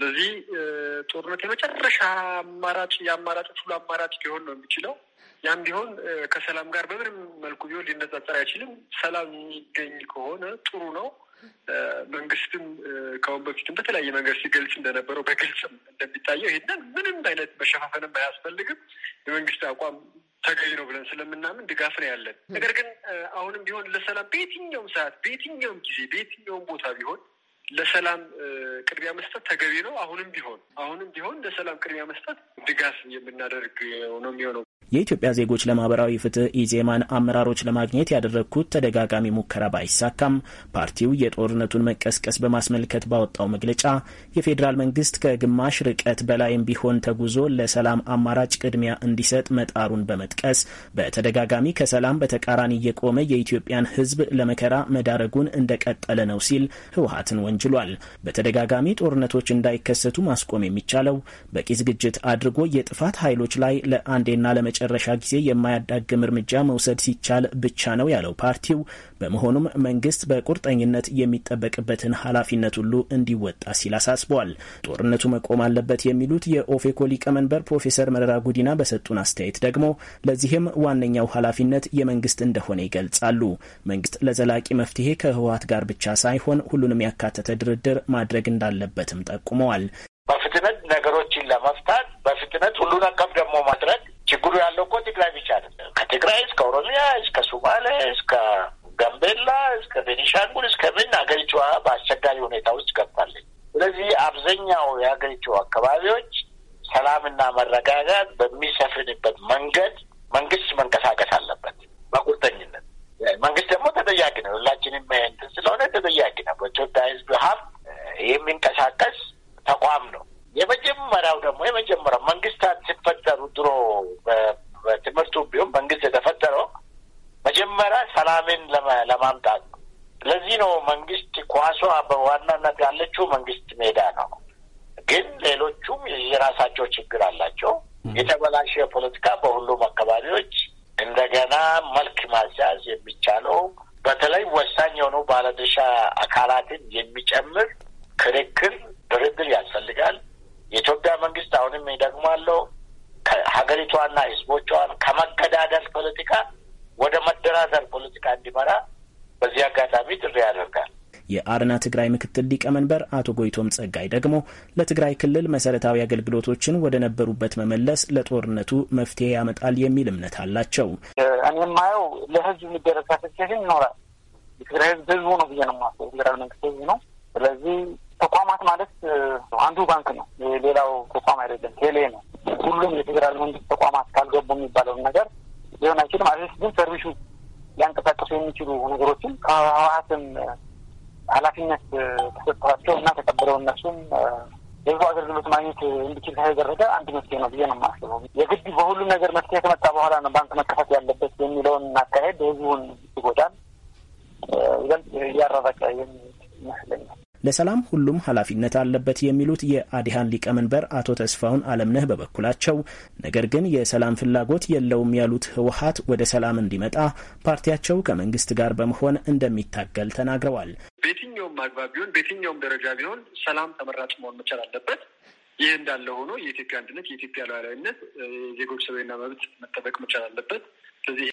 ስለዚህ ጦርነት የመጨረሻ አማራጭ የአማራጮች ሁሉ አማራጭ ሊሆን ነው የሚችለው። ያም ቢሆን ከሰላም ጋር በምንም መልኩ ቢሆን ሊነጻጸር አይችልም። ሰላም የሚገኝ ከሆነ ጥሩ ነው። መንግስትም ከአሁን በፊትም በተለያየ መንገድ ሲገልጽ እንደነበረው በግልጽም እንደሚታየው ይህንን ምንም አይነት መሸፋፈንም አያስፈልግም። የመንግስት አቋም ተገኝ ነው ብለን ስለምናምን ድጋፍ ነው ያለን። ነገር ግን አሁንም ቢሆን ለሰላም በየትኛውም ሰዓት፣ በየትኛውም ጊዜ፣ በየትኛውም ቦታ ቢሆን ለሰላም ቅድሚያ መስጠት ተገቢ ነው። አሁንም ቢሆን አሁንም ቢሆን ለሰላም ቅድሚያ መስጠት ድጋፍ የምናደርግ ነው የሚሆነው። የኢትዮጵያ ዜጎች ለማህበራዊ ፍትህ ኢዜማን አመራሮች ለማግኘት ያደረግኩት ተደጋጋሚ ሙከራ ባይሳካም ፓርቲው የጦርነቱን መቀስቀስ በማስመልከት ባወጣው መግለጫ የፌዴራል መንግስት ከግማሽ ርቀት በላይም ቢሆን ተጉዞ ለሰላም አማራጭ ቅድሚያ እንዲሰጥ መጣሩን በመጥቀስ በተደጋጋሚ ከሰላም በተቃራኒ እየቆመ የኢትዮጵያን ህዝብ ለመከራ መዳረጉን እንደቀጠለ ነው ሲል ህወሀትን ወንጅሏል። በተደጋጋሚ ጦርነቶች እንዳይከሰቱ ማስቆም የሚቻለው በቂ ዝግጅት አድርጎ የጥፋት ኃይሎች ላይ ለአንዴና ለመ ለመጨረሻ ጊዜ የማያዳግም እርምጃ መውሰድ ሲቻል ብቻ ነው ያለው ፓርቲው፣ በመሆኑም መንግስት በቁርጠኝነት የሚጠበቅበትን ኃላፊነት ሁሉ እንዲወጣ ሲል አሳስቧል። ጦርነቱ መቆም አለበት የሚሉት የኦፌኮ ሊቀመንበር ፕሮፌሰር መረራ ጉዲና በሰጡን አስተያየት ደግሞ ለዚህም ዋነኛው ኃላፊነት የመንግስት እንደሆነ ይገልጻሉ። መንግስት ለዘላቂ መፍትሄ ከህወሀት ጋር ብቻ ሳይሆን ሁሉንም ያካተተ ድርድር ማድረግ እንዳለበትም ጠቁመዋል። በፍጥነት ነገሮችን ለመፍታት በፍጥነት ሁሉን አቀፍ ደግሞ ችግሩ ያለው እኮ ትግራይ ብቻ አይደለም። ከትግራይ እስከ ኦሮሚያ፣ እስከ ሶማሌ፣ እስከ ጋምቤላ፣ እስከ ቤኒሻንጉል፣ እስከ ምን ሀገሪቷ በአስቸጋሪ ሁኔታ ውስጥ ገብታለች። ስለዚህ አብዛኛው የሀገሪቱ አካባቢዎች ሰላምና መረጋጋት በሚሰፍንበት መንገድ መንግስት መንቀሳቀስ አለበት በቁርጠኝነት። መንግስት ደግሞ ተጠያቂ ነው። ሁላችንም እንትን ስለሆነ ተጠያቂ ነው። በኢትዮጵያ ሕዝብ ሀብት የሚንቀሳቀስ ተቋም ነው። የመጀመሪያው ደግሞ የመጀመሪያው መንግስታት ሲፈጠሩ ድሮ በትምህርቱ ቢሆን መንግስት የተፈጠረው መጀመሪያ ሰላምን ለማምጣት ነው። ለዚህ ነው መንግስት ኳሷ በዋናነት ያለችው መንግስት ሜዳ ነው። ግን ሌሎቹም የራሳቸው ችግር አላቸው። የተበላሸ ፖለቲካ በሁሉም አካባቢዎች እንደገና መልክ ማስያዝ የሚቻለው በተለይ ወሳኝ የሆኑ ባለድርሻ አካላትን የሚጨምር ክርክር፣ ድርድር ያስፈልጋል። የኢትዮጵያ መንግስት አሁንም ይደግማለው ሀገሪቷና ህዝቦቿን ከመገዳደል ፖለቲካ ወደ መደራደር ፖለቲካ እንዲመራ በዚህ አጋጣሚ ጥሪ ያደርጋል። የአርና ትግራይ ምክትል ሊቀመንበር አቶ ጎይቶም ጸጋይ ደግሞ ለትግራይ ክልል መሰረታዊ አገልግሎቶችን ወደ ነበሩበት መመለስ ለጦርነቱ መፍትሄ ያመጣል የሚል እምነት አላቸው። እኔ የማየው ለህዝብ የሚደረግ ሴሽን ይኖራል። የትግራይ ህዝብ ህዝቡ ነው ብዬ ነው የማስበው። የፌዴራል መንግስት ህዝቡ ነው። ስለዚህ ተቋማት ማለት አንዱ ባንክ ነው፣ ሌላው ተቋም አይደለም፣ ቴሌ ነው። ሁሉም የፌዴራል መንግስት ተቋማት ካልገቡ የሚባለውን ነገር ሊሆን አይችልም። አትሊስት ግን ሰርቪሱ ሊያንቀሳቀሱ የሚችሉ ነገሮችን ከህወሀትም ኃላፊነት ተሰጥቷቸው እና ተቀብለው እነሱም የህዝቡ አገልግሎት ማግኘት እንዲችል ከተደረገ አንድ መፍትሄ ነው ብዬ ነው የማስበው። የግድ በሁሉም ነገር መፍትሄ ከመጣ በኋላ ነው ባንክ መከፈት ያለበት የሚለውን አካሄድ ህዝቡን ይጎዳል፣ ይበልጥ እያራራቀ ይመስለኛል። ለሰላም ሁሉም ኃላፊነት አለበት የሚሉት የአዲሃን ሊቀመንበር አቶ ተስፋውን አለምነህ በበኩላቸው ነገር ግን የሰላም ፍላጎት የለውም ያሉት ህወሀት ወደ ሰላም እንዲመጣ ፓርቲያቸው ከመንግስት ጋር በመሆን እንደሚታገል ተናግረዋል። በየትኛውም አግባብ ቢሆን በየትኛውም ደረጃ ቢሆን ሰላም ተመራጭ መሆን መቻል አለበት። ይህ እንዳለ ሆኖ የኢትዮጵያ አንድነት፣ የኢትዮጵያ ሉዓላዊነት፣ የዜጎች ሰብዓዊና መብት መጠበቅ መቻል አለበት። ስለዚህ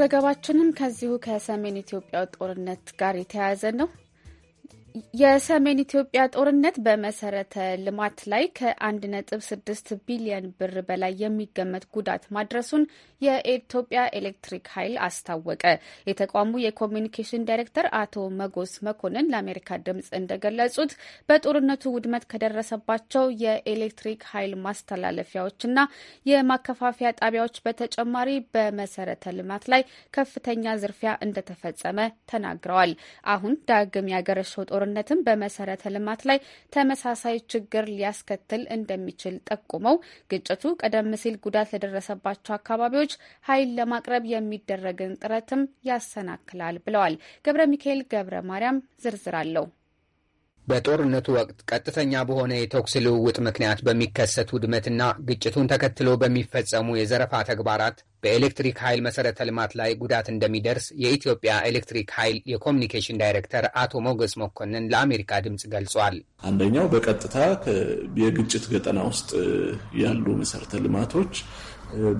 ዘገባችንም ከዚሁ ከሰሜን ኢትዮጵያ ጦርነት ጋር የተያያዘ ነው። የሰሜን ኢትዮጵያ ጦርነት በመሰረተ ልማት ላይ ከ1.6 ቢሊዮን ብር በላይ የሚገመት ጉዳት ማድረሱን የኢትዮጵያ ኤሌክትሪክ ኃይል አስታወቀ። የተቋሙ የኮሚኒኬሽን ዳይሬክተር አቶ መጎስ መኮንን ለአሜሪካ ድምፅ እንደገለጹት በጦርነቱ ውድመት ከደረሰባቸው የኤሌክትሪክ ኃይል ማስተላለፊያዎችና የማከፋፈያ ጣቢያዎች በተጨማሪ በመሰረተ ልማት ላይ ከፍተኛ ዝርፊያ እንደተፈጸመ ተናግረዋል። አሁን ዳግም ያገረሸው ጦር ጦርነትም በመሰረተ ልማት ላይ ተመሳሳይ ችግር ሊያስከትል እንደሚችል ጠቁመው ግጭቱ ቀደም ሲል ጉዳት ለደረሰባቸው አካባቢዎች ኃይል ለማቅረብ የሚደረግን ጥረትም ያሰናክላል ብለዋል። ገብረ ሚካኤል ገብረ ማርያም ዝርዝር አለው። በጦርነቱ ወቅት ቀጥተኛ በሆነ የተኩስ ልውውጥ ምክንያት በሚከሰት ውድመትና ግጭቱን ተከትሎ በሚፈጸሙ የዘረፋ ተግባራት በኤሌክትሪክ ኃይል መሰረተ ልማት ላይ ጉዳት እንደሚደርስ የኢትዮጵያ ኤሌክትሪክ ኃይል የኮሚኒኬሽን ዳይሬክተር አቶ ሞገስ መኮንን ለአሜሪካ ድምፅ ገልጿል። አንደኛው በቀጥታ የግጭት ገጠና ውስጥ ያሉ መሰረተ ልማቶች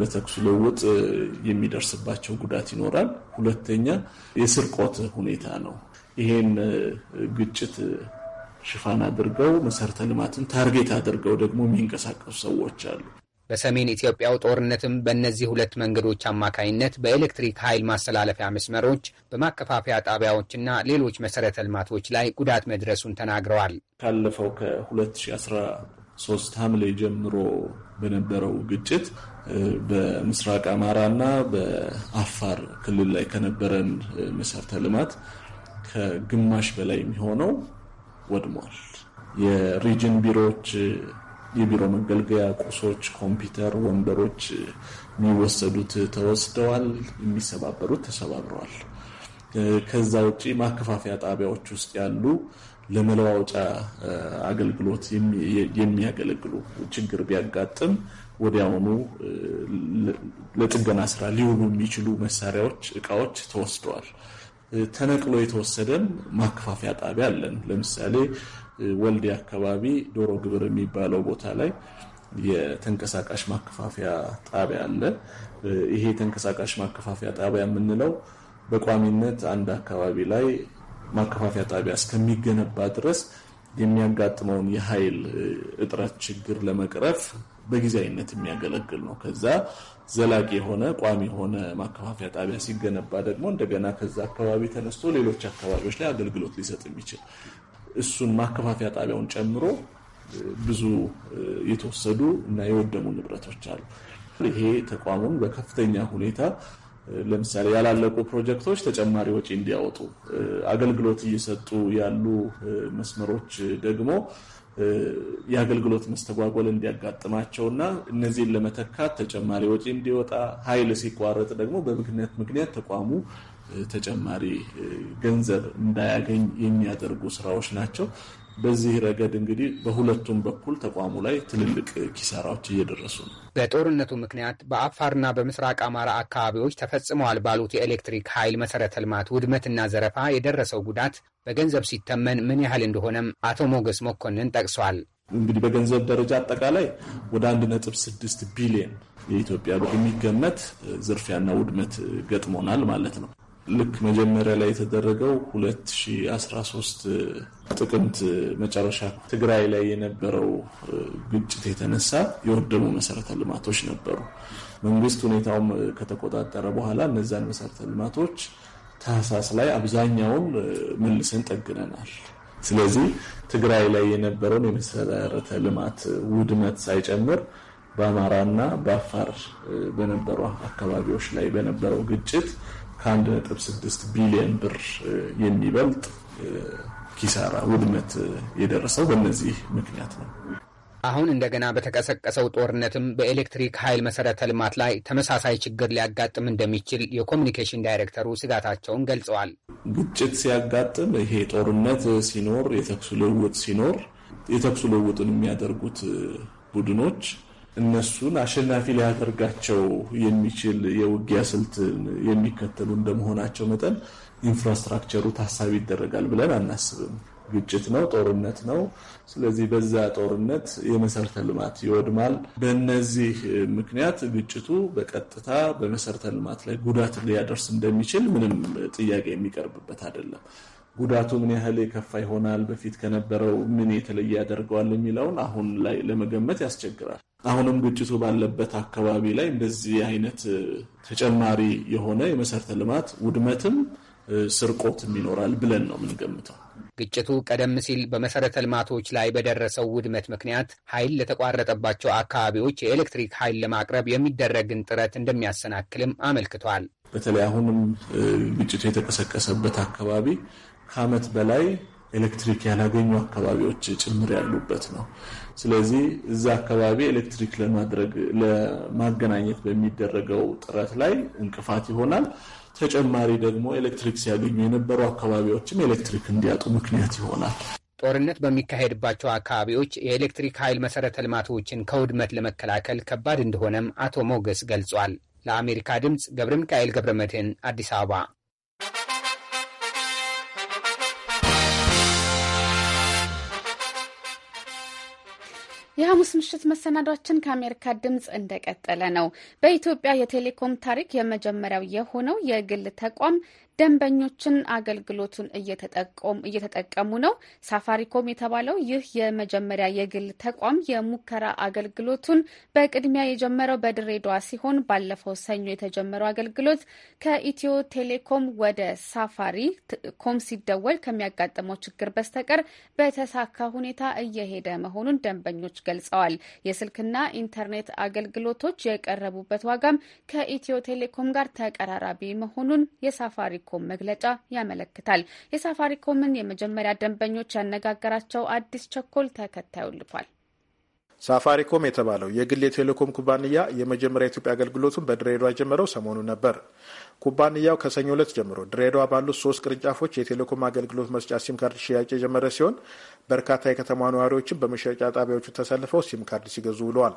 በተኩስ ልውውጥ የሚደርስባቸው ጉዳት ይኖራል። ሁለተኛ የስርቆት ሁኔታ ነው። ይሄን ግጭት ሽፋን አድርገው መሰረተ ልማትን ታርጌት አድርገው ደግሞ የሚንቀሳቀሱ ሰዎች አሉ። በሰሜን ኢትዮጵያው ጦርነትም በእነዚህ ሁለት መንገዶች አማካይነት በኤሌክትሪክ ኃይል ማስተላለፊያ መስመሮች፣ በማከፋፈያ ጣቢያዎችና ሌሎች መሰረተ ልማቶች ላይ ጉዳት መድረሱን ተናግረዋል። ካለፈው ከ2013 ሐምሌ ጀምሮ በነበረው ግጭት በምስራቅ አማራና በአፋር ክልል ላይ ከነበረን መሰረተ ልማት ከግማሽ በላይ የሚሆነው ወድሟል። የሪጅን ቢሮዎች የቢሮ መገልገያ ቁሶች፣ ኮምፒውተር፣ ወንበሮች የሚወሰዱት ተወስደዋል፣ የሚሰባበሩት ተሰባብረዋል። ከዛ ውጭ ማከፋፈያ ጣቢያዎች ውስጥ ያሉ ለመለዋወጫ አገልግሎት የሚያገለግሉ ችግር ቢያጋጥም ወዲያውኑ ለጥገና ስራ ሊውሉ የሚችሉ መሳሪያዎች፣ እቃዎች ተወስደዋል። ተነቅሎ የተወሰደም ማከፋፈያ ጣቢያ አለን። ለምሳሌ ወልዴ አካባቢ ዶሮ ግብር የሚባለው ቦታ ላይ የተንቀሳቃሽ ማከፋፈያ ጣቢያ አለ። ይሄ ተንቀሳቃሽ ማከፋፈያ ጣቢያ የምንለው በቋሚነት አንድ አካባቢ ላይ ማከፋፈያ ጣቢያ እስከሚገነባ ድረስ የሚያጋጥመውን የኃይል እጥረት ችግር ለመቅረፍ በጊዜያዊነት የሚያገለግል ነው። ከዛ ዘላቂ የሆነ ቋሚ የሆነ ማከፋፈያ ጣቢያ ሲገነባ ደግሞ እንደገና ከዛ አካባቢ ተነስቶ ሌሎች አካባቢዎች ላይ አገልግሎት ሊሰጥ የሚችል እሱን ማከፋፈያ ጣቢያውን ጨምሮ ብዙ የተወሰዱ እና የወደሙ ንብረቶች አሉ። ይሄ ተቋሙን በከፍተኛ ሁኔታ ለምሳሌ ያላለቁ ፕሮጀክቶች ተጨማሪ ወጪ እንዲያወጡ፣ አገልግሎት እየሰጡ ያሉ መስመሮች ደግሞ የአገልግሎት መስተጓጎል እንዲያጋጥማቸው እና እነዚህን ለመተካት ተጨማሪ ወጪ እንዲወጣ፣ ኃይል ሲቋረጥ ደግሞ በምክንያት ምክንያት ተቋሙ ተጨማሪ ገንዘብ እንዳያገኝ የሚያደርጉ ስራዎች ናቸው። በዚህ ረገድ እንግዲህ በሁለቱም በኩል ተቋሙ ላይ ትልልቅ ኪሳራዎች እየደረሱ ነው። በጦርነቱ ምክንያት በአፋርና በምስራቅ አማራ አካባቢዎች ተፈጽመዋል ባሉት የኤሌክትሪክ ኃይል መሰረተ ልማት ውድመትና ዘረፋ የደረሰው ጉዳት በገንዘብ ሲተመን ምን ያህል እንደሆነም አቶ ሞገስ መኮንን ጠቅሷል። እንግዲህ በገንዘብ ደረጃ አጠቃላይ ወደ 1.6 ቢሊዮን የኢትዮጵያ ብር የሚገመት ዝርፊያና ውድመት ገጥሞናል ማለት ነው። ልክ መጀመሪያ ላይ የተደረገው 2013 ጥቅምት መጨረሻ ትግራይ ላይ የነበረው ግጭት የተነሳ የወደሙ መሰረተ ልማቶች ነበሩ። መንግስት ሁኔታውም ከተቆጣጠረ በኋላ እነዛን መሰረተ ልማቶች ታህሳስ ላይ አብዛኛውን መልሰን ጠግነናል። ስለዚህ ትግራይ ላይ የነበረውን የመሰረተ ልማት ውድመት ሳይጨምር በአማራና በአፋር በነበሩ አካባቢዎች ላይ በነበረው ግጭት ከ1.6 ቢሊዮን ብር የሚበልጥ ኪሳራ ውድመት የደረሰው በእነዚህ ምክንያት ነው። አሁን እንደገና በተቀሰቀሰው ጦርነትም በኤሌክትሪክ ኃይል መሰረተ ልማት ላይ ተመሳሳይ ችግር ሊያጋጥም እንደሚችል የኮሚኒኬሽን ዳይሬክተሩ ስጋታቸውን ገልጸዋል። ግጭት ሲያጋጥም፣ ይሄ ጦርነት ሲኖር፣ የተኩስ ልውውጥ ሲኖር የተኩስ ልውውጥን የሚያደርጉት ቡድኖች እነሱን አሸናፊ ሊያደርጋቸው የሚችል የውጊያ ስልት የሚከተሉ እንደመሆናቸው መጠን ኢንፍራስትራክቸሩ ታሳቢ ይደረጋል ብለን አናስብም። ግጭት ነው፣ ጦርነት ነው። ስለዚህ በዛ ጦርነት የመሰረተ ልማት ይወድማል። በእነዚህ ምክንያት ግጭቱ በቀጥታ በመሰረተ ልማት ላይ ጉዳት ሊያደርስ እንደሚችል ምንም ጥያቄ የሚቀርብበት አይደለም። ጉዳቱ ምን ያህል የከፋ ይሆናል፣ በፊት ከነበረው ምን የተለየ ያደርገዋል የሚለውን አሁን ላይ ለመገመት ያስቸግራል። አሁንም ግጭቱ ባለበት አካባቢ ላይ እንደዚህ አይነት ተጨማሪ የሆነ የመሰረተ ልማት ውድመትም ስርቆትም ይኖራል ብለን ነው የምንገምተው። ግጭቱ ቀደም ሲል በመሰረተ ልማቶች ላይ በደረሰው ውድመት ምክንያት ኃይል ለተቋረጠባቸው አካባቢዎች የኤሌክትሪክ ኃይል ለማቅረብ የሚደረግን ጥረት እንደሚያሰናክልም አመልክቷል። በተለይ አሁንም ግጭቱ የተቀሰቀሰበት አካባቢ ከዓመት በላይ ኤሌክትሪክ ያላገኙ አካባቢዎች ጭምር ያሉበት ነው። ስለዚህ እዛ አካባቢ ኤሌክትሪክ ለማድረግ ለማገናኘት በሚደረገው ጥረት ላይ እንቅፋት ይሆናል። ተጨማሪ ደግሞ ኤሌክትሪክ ሲያገኙ የነበሩ አካባቢዎችም ኤሌክትሪክ እንዲያጡ ምክንያት ይሆናል። ጦርነት በሚካሄድባቸው አካባቢዎች የኤሌክትሪክ ኃይል መሰረተ ልማቶችን ከውድመት ለመከላከል ከባድ እንደሆነም አቶ ሞገስ ገልጿል። ለአሜሪካ ድምፅ ገብረ ሚካኤል ገብረ መድህን አዲስ አበባ የሐሙስ ምሽት መሰናዷችን ከአሜሪካ ድምፅ እንደቀጠለ ነው። በኢትዮጵያ የቴሌኮም ታሪክ የመጀመሪያው የሆነው የግል ተቋም ደንበኞችን አገልግሎቱን እየተጠቀሙ ነው። ሳፋሪኮም የተባለው ይህ የመጀመሪያ የግል ተቋም የሙከራ አገልግሎቱን በቅድሚያ የጀመረው በድሬዳዋ ሲሆን ባለፈው ሰኞ የተጀመረው አገልግሎት ከኢትዮ ቴሌኮም ወደ ሳፋሪ ኮም ሲደወል ከሚያጋጥመው ችግር በስተቀር በተሳካ ሁኔታ እየሄደ መሆኑን ደንበኞች ገልጸዋል። የስልክና ኢንተርኔት አገልግሎቶች የቀረቡበት ዋጋም ከኢትዮ ቴሌኮም ጋር ተቀራራቢ መሆኑን የሳፋሪ የሳፋሪኮም መግለጫ ያመለክታል። የሳፋሪኮምን የመጀመሪያ ደንበኞች ያነጋገራቸው አዲስ ቸኮል ተከታዩ ልኳል። ሳፋሪኮም የተባለው የግል የቴሌኮም ኩባንያ የመጀመሪያ ኢትዮጵያ አገልግሎቱን በድሬዳዋ ጀመረው ሰሞኑ ነበር። ኩባንያው ከሰኞ ዕለት ጀምሮ ድሬዳዋ ባሉት ሶስት ቅርንጫፎች የቴሌኮም አገልግሎት መስጫ ሲም ካርድ ሽያጭ የጀመረ ሲሆን በርካታ የከተማ ነዋሪዎችን በመሸጫ ጣቢያዎቹ ተሰልፈው ሲም ካርድ ሲገዙ ውለዋል።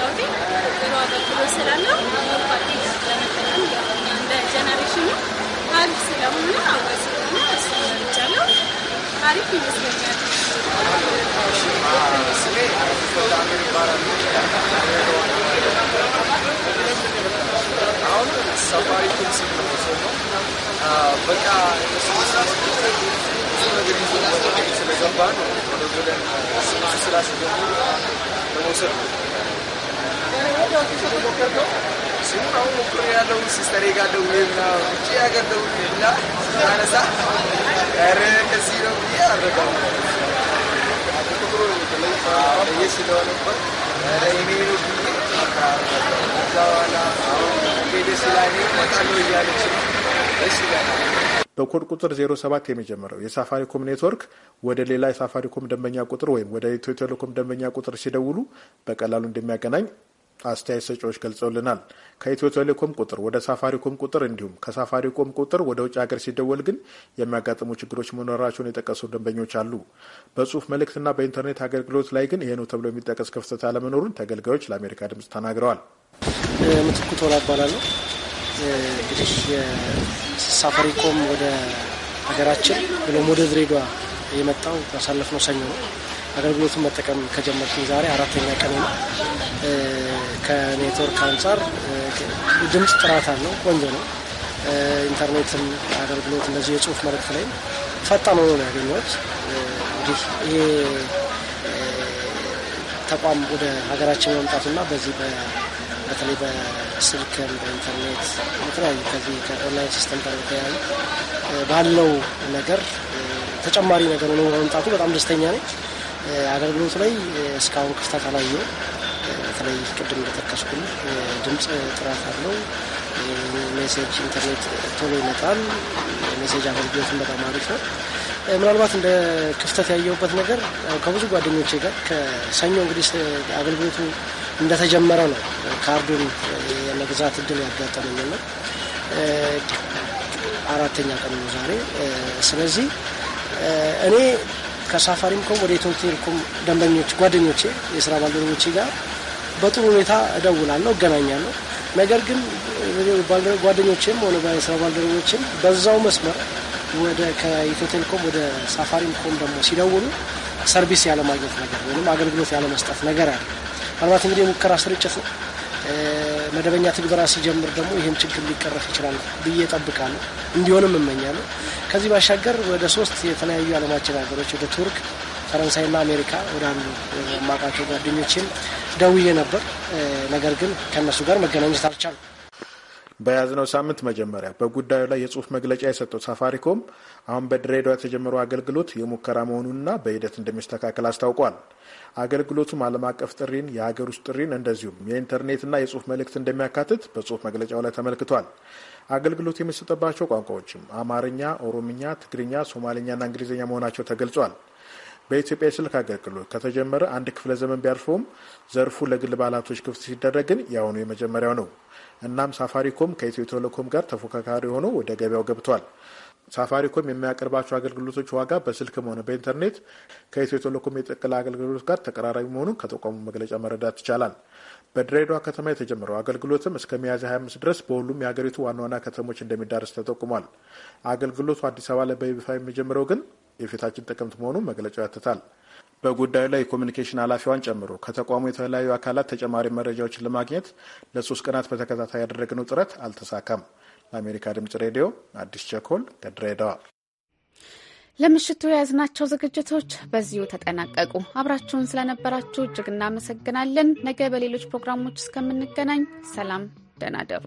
የመጣሁት ጥሩ አገልግሎት ስላለው አሞልኳቴ ጋር ለመጠቀም እንደ ጀነሬሽኑ አሪፍ ስለሆነ አወ ስለሆነ እሱ መርጫለሁ። አሪፍ ይመስለኛል። ስለገባ ነው ወደ ስላስጀምሩ ለመውሰድ ነው ሲሆን አሁን ሞክሮ ያለው ሲስተሬ ጋር ደውዬ ውጭ ደውዬ እና አነሳ ኧረ ከዚህ ነው ብዬ አረጋው በኮድ ቁጥር 07 የሚጀምረው የሳፋሪኮም ኔትወርክ ወደ ሌላ የሳፋሪኮም ደንበኛ ቁጥር ወይም ወደ ኢትዮ ቴሌኮም ደንበኛ ቁጥር ሲደውሉ በቀላሉ እንደሚያገናኝ አስተያየት ሰጪዎች ገልጸውልናል። ከኢትዮ ቴሌኮም ቁጥር ወደ ሳፋሪኮም ቁጥር እንዲሁም ከሳፋሪኮም ቁጥር ወደ ውጭ ሀገር ሲደወል ግን የሚያጋጥሙ ችግሮች መኖራቸውን የጠቀሱ ደንበኞች አሉ። በጽሁፍ መልእክትና በኢንተርኔት አገልግሎት ላይ ግን ይህ ነው ተብሎ የሚጠቀስ ክፍተት አለመኖሩን ተገልጋዮች ለአሜሪካ ድምጽ ተናግረዋል። ምትኩ ቶላ እባላለሁ። እንግዲህ ሳፋሪኮም ወደ ሀገራችን ብሎ ወደ ድሬዳዋ የመጣው ባሳለፍነው ሰኞ ነው አገልግሎቱን መጠቀም ከጀመርኩኝ ዛሬ አራተኛ ቀን ነው። ከኔትወርክ አንጻር ድምፅ ጥራት አለው፣ ቆንጆ ነው። ኢንተርኔትም አገልግሎት እንደዚህ የጽሁፍ መልእክት ላይ ፈጣን ሆኖ ነው ያገኘሁት። እንግዲህ ይሄ ተቋም ወደ ሀገራችን መምጣቱና በዚህ በተለይ በስልክም በኢንተርኔት በተለያዩ ከዚህ ከኦንላይን ሲስተም ጋር በተያያዘ ባለው ነገር ተጨማሪ ነገር ሆኖ መምጣቱ በጣም ደስተኛ ነኝ። አገልግሎት ላይ እስካሁን ክፍተት አላየው። በተለይ ቅድም እንደጠቀስኩኝ ድምፅ ጥራት አለው። ሜሴጅ ኢንተርኔት ቶሎ ይመጣል። ሜሴጅ አገልግሎትን በጣም አሪፍ ነው። ምናልባት እንደ ክፍተት ያየሁበት ነገር ከብዙ ጓደኞቼ ጋር ከሰኞ እንግዲህ አገልግሎቱ እንደተጀመረ ነው ካርዱን የመግዛት እድል ነው። አራተኛ ቀን ነው ዛሬ። ስለዚህ እኔ ከሳፋሪም ኮም ወደ ኢትዮ ቴሌኮም ደንበኞች፣ ጓደኞቼ፣ የስራ ባልደረቦቼ ጋር በጥሩ ሁኔታ እደውላለሁ፣ እገናኛለሁ። ነገር ግን ጓደኞችም ሆነ የስራ ባልደረቦችም በዛው መስመር ወደ ከኢትዮ ቴሌኮም ወደ ሳፋሪም ኮም ደግሞ ሲደውሉ ሰርቪስ ያለማግኘት ነገር ወይም አገልግሎት ያለመስጠት ነገር አለ። ምናልባት እንግዲህ የሙከራ ስርጭት ነው መደበኛ ትግበራ ሲጀምር ደግሞ ይህም ችግር ሊቀረፍ ይችላል ብዬ ጠብቃለሁ። እንዲሆንም እመኛለሁ። ከዚህ ባሻገር ወደ ሶስት የተለያዩ አለማችን ሀገሮች ወደ ቱርክ፣ ፈረንሳይና አሜሪካ ወደ አንዱ የማውቃቸው ጓደኞችም ደውዬ ነበር። ነገር ግን ከእነሱ ጋር መገናኘት አልቻልኩም። በያዝነው ሳምንት መጀመሪያ በጉዳዩ ላይ የጽሁፍ መግለጫ የሰጠው ሳፋሪኮም አሁን በድሬዳዋ የተጀመረው አገልግሎት የሙከራ መሆኑንና በሂደት እንደሚስተካከል አስታውቋል። አገልግሎቱም ዓለም አቀፍ ጥሪን፣ የሀገር ውስጥ ጥሪን እንደዚሁም የኢንተርኔትና የጽሁፍ መልእክት እንደሚያካትት በጽሁፍ መግለጫው ላይ ተመልክቷል። አገልግሎት የሚሰጥባቸው ቋንቋዎችም አማርኛ፣ ኦሮምኛ፣ ትግርኛ፣ ሶማሌኛና እንግሊዝኛ መሆናቸው ተገልጿል። በኢትዮጵያ የስልክ አገልግሎት ከተጀመረ አንድ ክፍለ ዘመን ቢያርፈውም ዘርፉ ለግል ባለሀብቶች ክፍት ሲደረግ ግን የአሁኑ የመጀመሪያው ነው። እናም ሳፋሪኮም ከኢትዮ ቴሌኮም ጋር ተፎካካሪ ሆኖ ወደ ገበያው ገብቷል። ሳፋሪኮም የሚያቀርባቸው አገልግሎቶች ዋጋ በስልክም ሆነ በኢንተርኔት ከኢትዮ ቴሌኮም የጥቅል አገልግሎት ጋር ተቀራራቢ መሆኑን ከተቋሙ መግለጫ መረዳት ይቻላል። በድሬዳዋ ከተማ የተጀመረው አገልግሎትም እስከ ሚያዝያ 25 ድረስ በሁሉም የሀገሪቱ ዋና ዋና ከተሞች እንደሚዳረስ ተጠቁሟል። አገልግሎቱ አዲስ አበባ ላይ በይፋ የሚጀምረው ግን የፊታችን ጥቅምት መሆኑን መግለጫው ያትታል። በጉዳዩ ላይ የኮሚኒኬሽን ኃላፊዋን ጨምሮ ከተቋሙ የተለያዩ አካላት ተጨማሪ መረጃዎችን ለማግኘት ለሶስት ቀናት በተከታታይ ያደረግነው ጥረት አልተሳካም። ለአሜሪካ ድምጽ ሬዲዮ አዲስ ቸኮል ከድሬዳዋ። ለምሽቱ የያዝናቸው ዝግጅቶች በዚሁ ተጠናቀቁ። አብራችሁን ስለነበራችሁ እጅግ እናመሰግናለን። ነገ በሌሎች ፕሮግራሞች እስከምንገናኝ ሰላም፣ ደህና ደሩ።